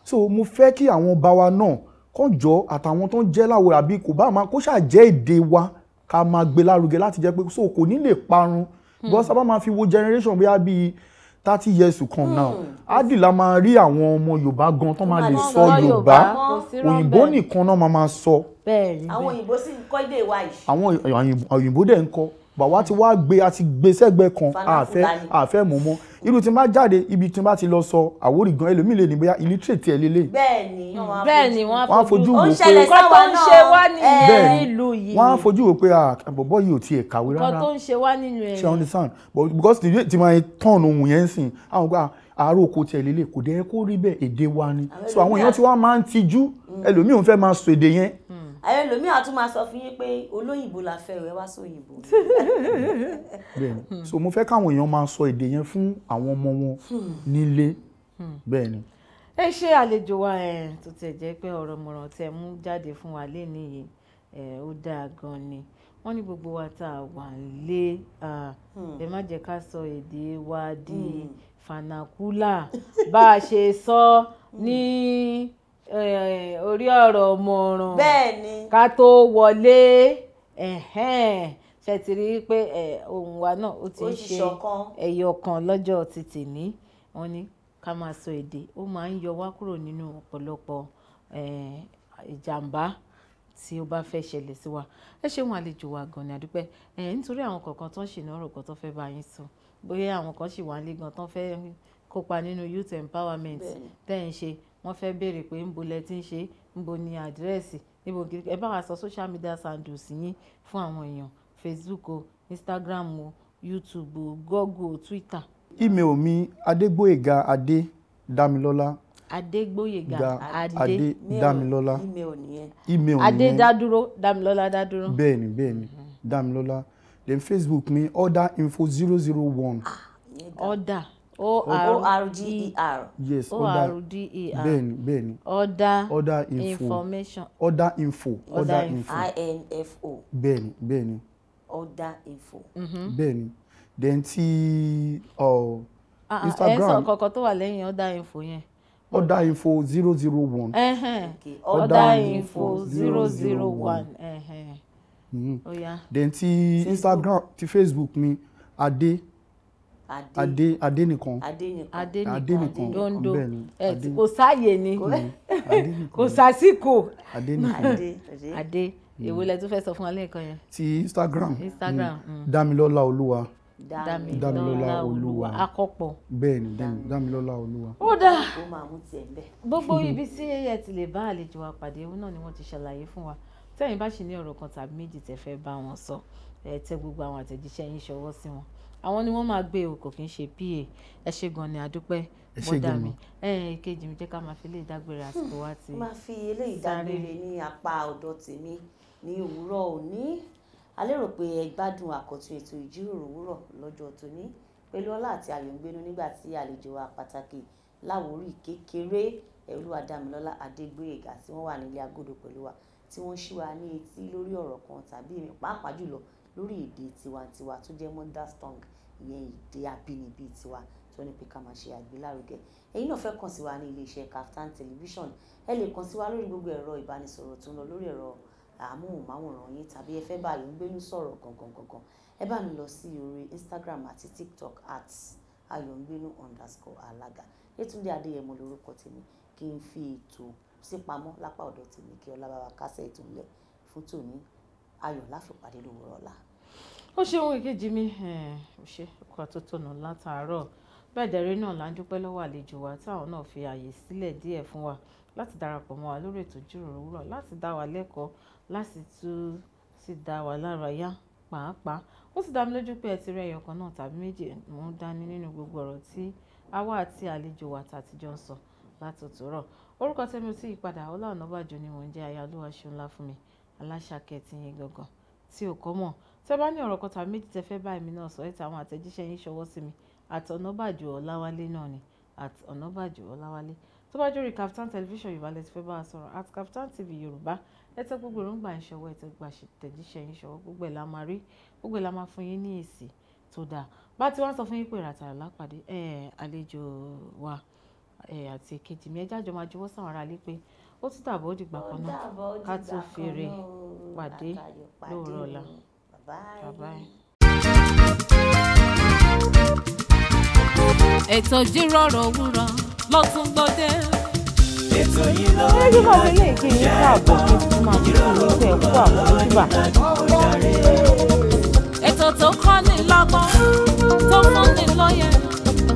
so mo fẹ́ kí àwọn ọba wa náà kàn jọ àtàwọn tó ń jẹ́ láwòrán àbí kò bá máa kó ṣáà jẹ́ èdè wa ká máa gbé lárugẹ láti jẹ́ pé so kò ní lè parun hmm. bọ́sà bá máa fi wo generation bóyá bíi thirty years to come now ádì hmm. la máa rí àwọn ọmọ yorùbá gan tó máa lè sọ yorùbá òyìnbó nìkan náà máa máa sọ. bẹ́ẹ̀ni bẹ́ẹ̀ àwọn òyìnbó sì ń kọ́ èdè wa yìí. àwọn òyìnbó dẹ̀ ń kọ́ bàwa ti wá gbé àti gbé sẹ́gbẹ́ kan àfẹ́ àfẹ́ mọ̀ mọ́ irú tí n bá jáde ibi tí n bá ti lọ sọ àwórì gan ẹlòmíì lè ní bóyá illiterate ẹ lélẹ̀. bẹ́ẹ̀ni bẹ́ẹ̀ni wọn á fojú wò pé kọ́ tó ń ṣe wá nínú ìlú yìí wọn á fojú wò pé àbọ̀bọ̀ yìí ò tiẹ̀ kàwé rárá kọ́ tó ń ṣe wá nínú ẹ̀ ṣe understand but because the way ti máa turn ohun yẹn sìn àwọn gba àárò oko tiẹ̀ lélẹ̀ kò dẹ́ kó rí bẹ́ẹ̀ èdè wa ni so àwọn èèyàn ti wá máa ń tijú mm. ẹlòmíì òun fẹ́ máa sọ èdè yẹn àwọn ẹlòmíì á tún máa sọ fún yín pé olóyìnbó la fẹ́ rẹ wá sóyìnbó. bẹ́ẹ̀ni hmm. so mo fẹ́ káwọn èèyàn máa sọ èdè yẹn fún àwọn ọmọ wọn hmm. nílé hmm. bẹ́ẹ̀ni. ẹ ṣe àlejò wa ẹ tó tẹ jẹ pé ọ̀rọ̀ mọ̀ràn tẹ mú jáde fún wa lẹni yìí ẹ ó dáa gan ni wọn ní gbogbo wa tá a wà lé ẹ má jẹ ká sọ èdè wa di fanakula bá a ṣe sọ ní. Eh, orí ọ̀rọ̀ mọ̀ràn ká tó wọlé ṣe ti rí i pé eh, ohùn wa náà ó ti ń ṣe ẹyọ kan lọ́jọ́ ti tèmi wọ́n ní ká máa sọ èdè ó máa ń yọ wá kúrò nínú ọ̀pọ̀lọpọ̀ eh, ìjàmbá tí ó bá fẹ́ ṣẹlẹ̀ sí wa ẹ ṣeun àlejò wa gan ni àdúpẹ́ nítorí àwọn kọ̀ọ̀kan tó ń ṣìnà ọ̀rọ̀ kan tó fẹ́ bá yín sùn bóyá àwọn kan ṣì wà nílé gan tó fẹ́ kópa nínú youth empowerment tẹ́ ń ṣe wọ́n fẹ́ béèrè pé ń bo lẹ ti ń ṣe ń bo ni àdírẹ́sì níbo kiri ẹ bá wa sọ social media handles yín fún àwọn èèyàn facebook o instagram o youtube o google o twitter. email mi adegboyega ade damilola adegboyega ade damilola email nìyẹn ade daduro damilola daduro. bẹ́ẹ̀ni bẹ́ẹ̀ni mm-hmm. damilola then facebook mi order info zero zero one. Ah, order o-r-d-e-r. E yes o-r-d-e-r. E bẹ́ẹ̀ni bẹ́ẹ̀ni. order order info information. order info. order info. i-n-f-o. bẹ́ẹ̀ni bẹ́ẹ̀ni. order info. Mm-hmm. bẹ́ẹ̀ni then ti ah, ah, instagram. ẹ sọ kọ̀ọ̀kan tó wà lẹ́yìn order info yẹn. order info zero zero one. order info zero zero one. Mm-hmm. then ti instagram ti facebook mi ade ade ade nìkan ade nìkan dondo kò sáàyè ni kò sásìkò ade ade hmm. èwo lẹ tún fẹ́ sọ fún wa lẹ́ẹ̀kan yẹn. ti instagram hmm. instagram hmm. damilola olúwa damilola olúwa àkọ́pọ̀ bẹ́ẹ̀ni damilola olúwa. ó dáa gbogbo ibi tí ẹ ti lè bá àlejò wa pàdé òun náà ni wọ́n ti ṣàlàyé fún wa tẹ́yìn bá sì ní ọ̀rọ̀ kan tàbí méjì tẹ́ fẹ́ bá wọn sọ ẹ tẹ gbogbo àwọn àtẹ̀jíṣẹ́ yín ṣọwọ́ sí wọn àwọn ni wọ́n máa gbé o kò kí ń ṣe pa ẹ ṣe gan ni àdúpẹ́ bọ́dà mi kejì mi jẹ́ ká máa fi eléyìí dágbére àsìkò wa ti sáré. Hm, máa fi eléyìí dágbére ní apá ọ̀dọ̀ tèmi ní òwúrọ̀ òní a lérò pé ẹ gbádùn àkọ́tún ètò ìjíròrò òwúrọ̀ lọ́jọ́ tóní pẹ̀lú ọlá àti ayọ̀ ń gbénu nígbà tí àlejò wa pàtàkì láwòrí kékeré Olúwadámilọ́lá Adégbóyèga tí wọ́n wà nílé agodo pẹ̀lú wa tí wọ́n ṣí ní etí lórí ọ̀rọ̀ kan tàbí pàápàá jùlọ lórí èdè tiwantiwa tó jẹ́ mother tongue ìyẹn èdè abínibí tiwa tó ní pé ká máa ṣe àgbélárugẹ ẹ̀yin náà fẹ́ kàn sí wa ní iléeṣẹ́ Kaftan television ẹ lè kàn sí wa lórí gbogbo ẹ̀rọ ìbánisọ̀rọ̀ tó ń lọ lórí ẹ̀rọ àmóhùnmáwòrán yín tàbí ẹ fẹ́ bá yín gbénú sọ̀rọ̀ gangan ẹ bá mi lọ sí orí Instagram àti TikTok at ayọ̀ngbénú underscore alaga. Yétúndé Adéyẹmọ lórúkọ tèmi kí n fi ètò sípamọ́ lápá ọ̀dọ̀ tèmi kí ọlábàbà kásẹ̀ ètò ńlẹ̀ fún tòní ayọ̀ láfipàdé lówùrọ̀ ọ̀la. ó ṣeun èkejì mi ò ṣe ọkọ̀ àtótónu látàárọ̀ bẹ́ẹ̀ dẹ̀rẹ́ náà là ń dúpẹ́ lọ́wọ́ àlejò wa táwọn náà fi àyè sílẹ̀ díẹ̀ fún wa láti darapọ̀ mọ́ wa lórí ètò ìjíròrò òwúrọ̀ láti dá wa lẹ́kọ̀ọ́ láti tún sì dá wa lára yá pàápàá ó sì dá mi lójú pé ẹ ti rí ẹyọ kan náà tàbí méjì mú dání nínú gbogbo ọ̀rọ̀ tí àwa àti àlejò wa tàtijọ́ ń sọ látòtòrọ̀ orúkọ tẹ́mi ò tí ì padà Ọlá Ọ̀nàbàjọ ni mò ń jẹ́ ayálúwa ṣeun ńlá fún mi aláṣàkẹ́ ti yín gangan tí ò kọ́ mọ̀ tí ẹ bá ní ọ̀rọ̀ kan méjì tẹ fẹ́ bá èmi náà sọ ẹ̀ta àwọn àtẹ̀jíṣẹ́ yín ṣọwọ́ sí mi at ọ̀nàbàjò ọ̀làwálé náà ni at ọ̀nàbàjò ọ̀làwálé tó bá jórí Kaftan television yorùbá lẹ ti fẹ́ bá a sọ̀rọ̀ at Kaftan TV yorùbá ẹ tẹ gbogbo èròǹgbà ìṣọwọ́ ẹ tẹ gba àtẹ̀jíṣẹ́ yín ṣọwọ́ gbogbo ẹ̀ la máa rí gbogbo ẹ̀ la máa fún yín ní èsì tó dáa bá ti wá sọ fún yín pé ìràtà lápàdé ẹ̀ àlejò wa àti èkejì mi ẹ jájọ máa jọ̀wọ́ sáwọn ará pé ó tún dàbọ̀ ó dìgbà kan náà ká tún fèrè pàdé lóòrọ̀ ọ̀la bàbá ẹ̀. ètò ìjíròrò òwúrọ̀ ló tún gbòde. ètò yìí ló ń yọ ọ́ ilé ìkí ní káàbọ̀ kí máa fi ìlú tẹ̀ kú àkójúbà. ètò tó kọ́ ni lọ́gbọ́n tó fún ni lóye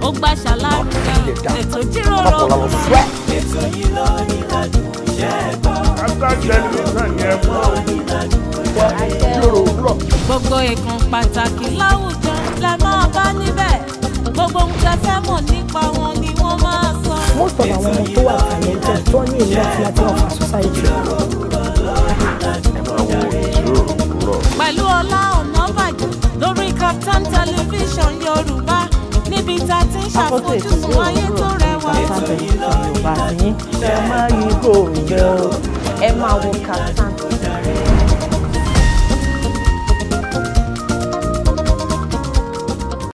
ó gbà ṣàlàyé ètò ìjíròrò òwúrọ̀ sọ yìí lọ nílàdùn jẹ́ ẹ̀kọ́. káká tẹlifíṣàn yẹn fún wa yòrò wúlọ. gbogbo ìkan pàtàkì láwùjọ la máa bá níbẹ̀ gbogbo ohun tẹ́ fẹ́ mọ̀ nípa wọn ni wọ́n máa sọ. most of àwọn ọmọ tó wà talented tó ní ìlú àti àti ọ̀fà society. pẹ̀lú Ọlá Ọ̀nàbàjọ lórí Kaftan television Yorùbá níbi tá a ti ń ṣàfojúsùn ayé tó rẹwà. ẹ máa yí kò ń jẹ́ o ẹ máa wo kàtàkì.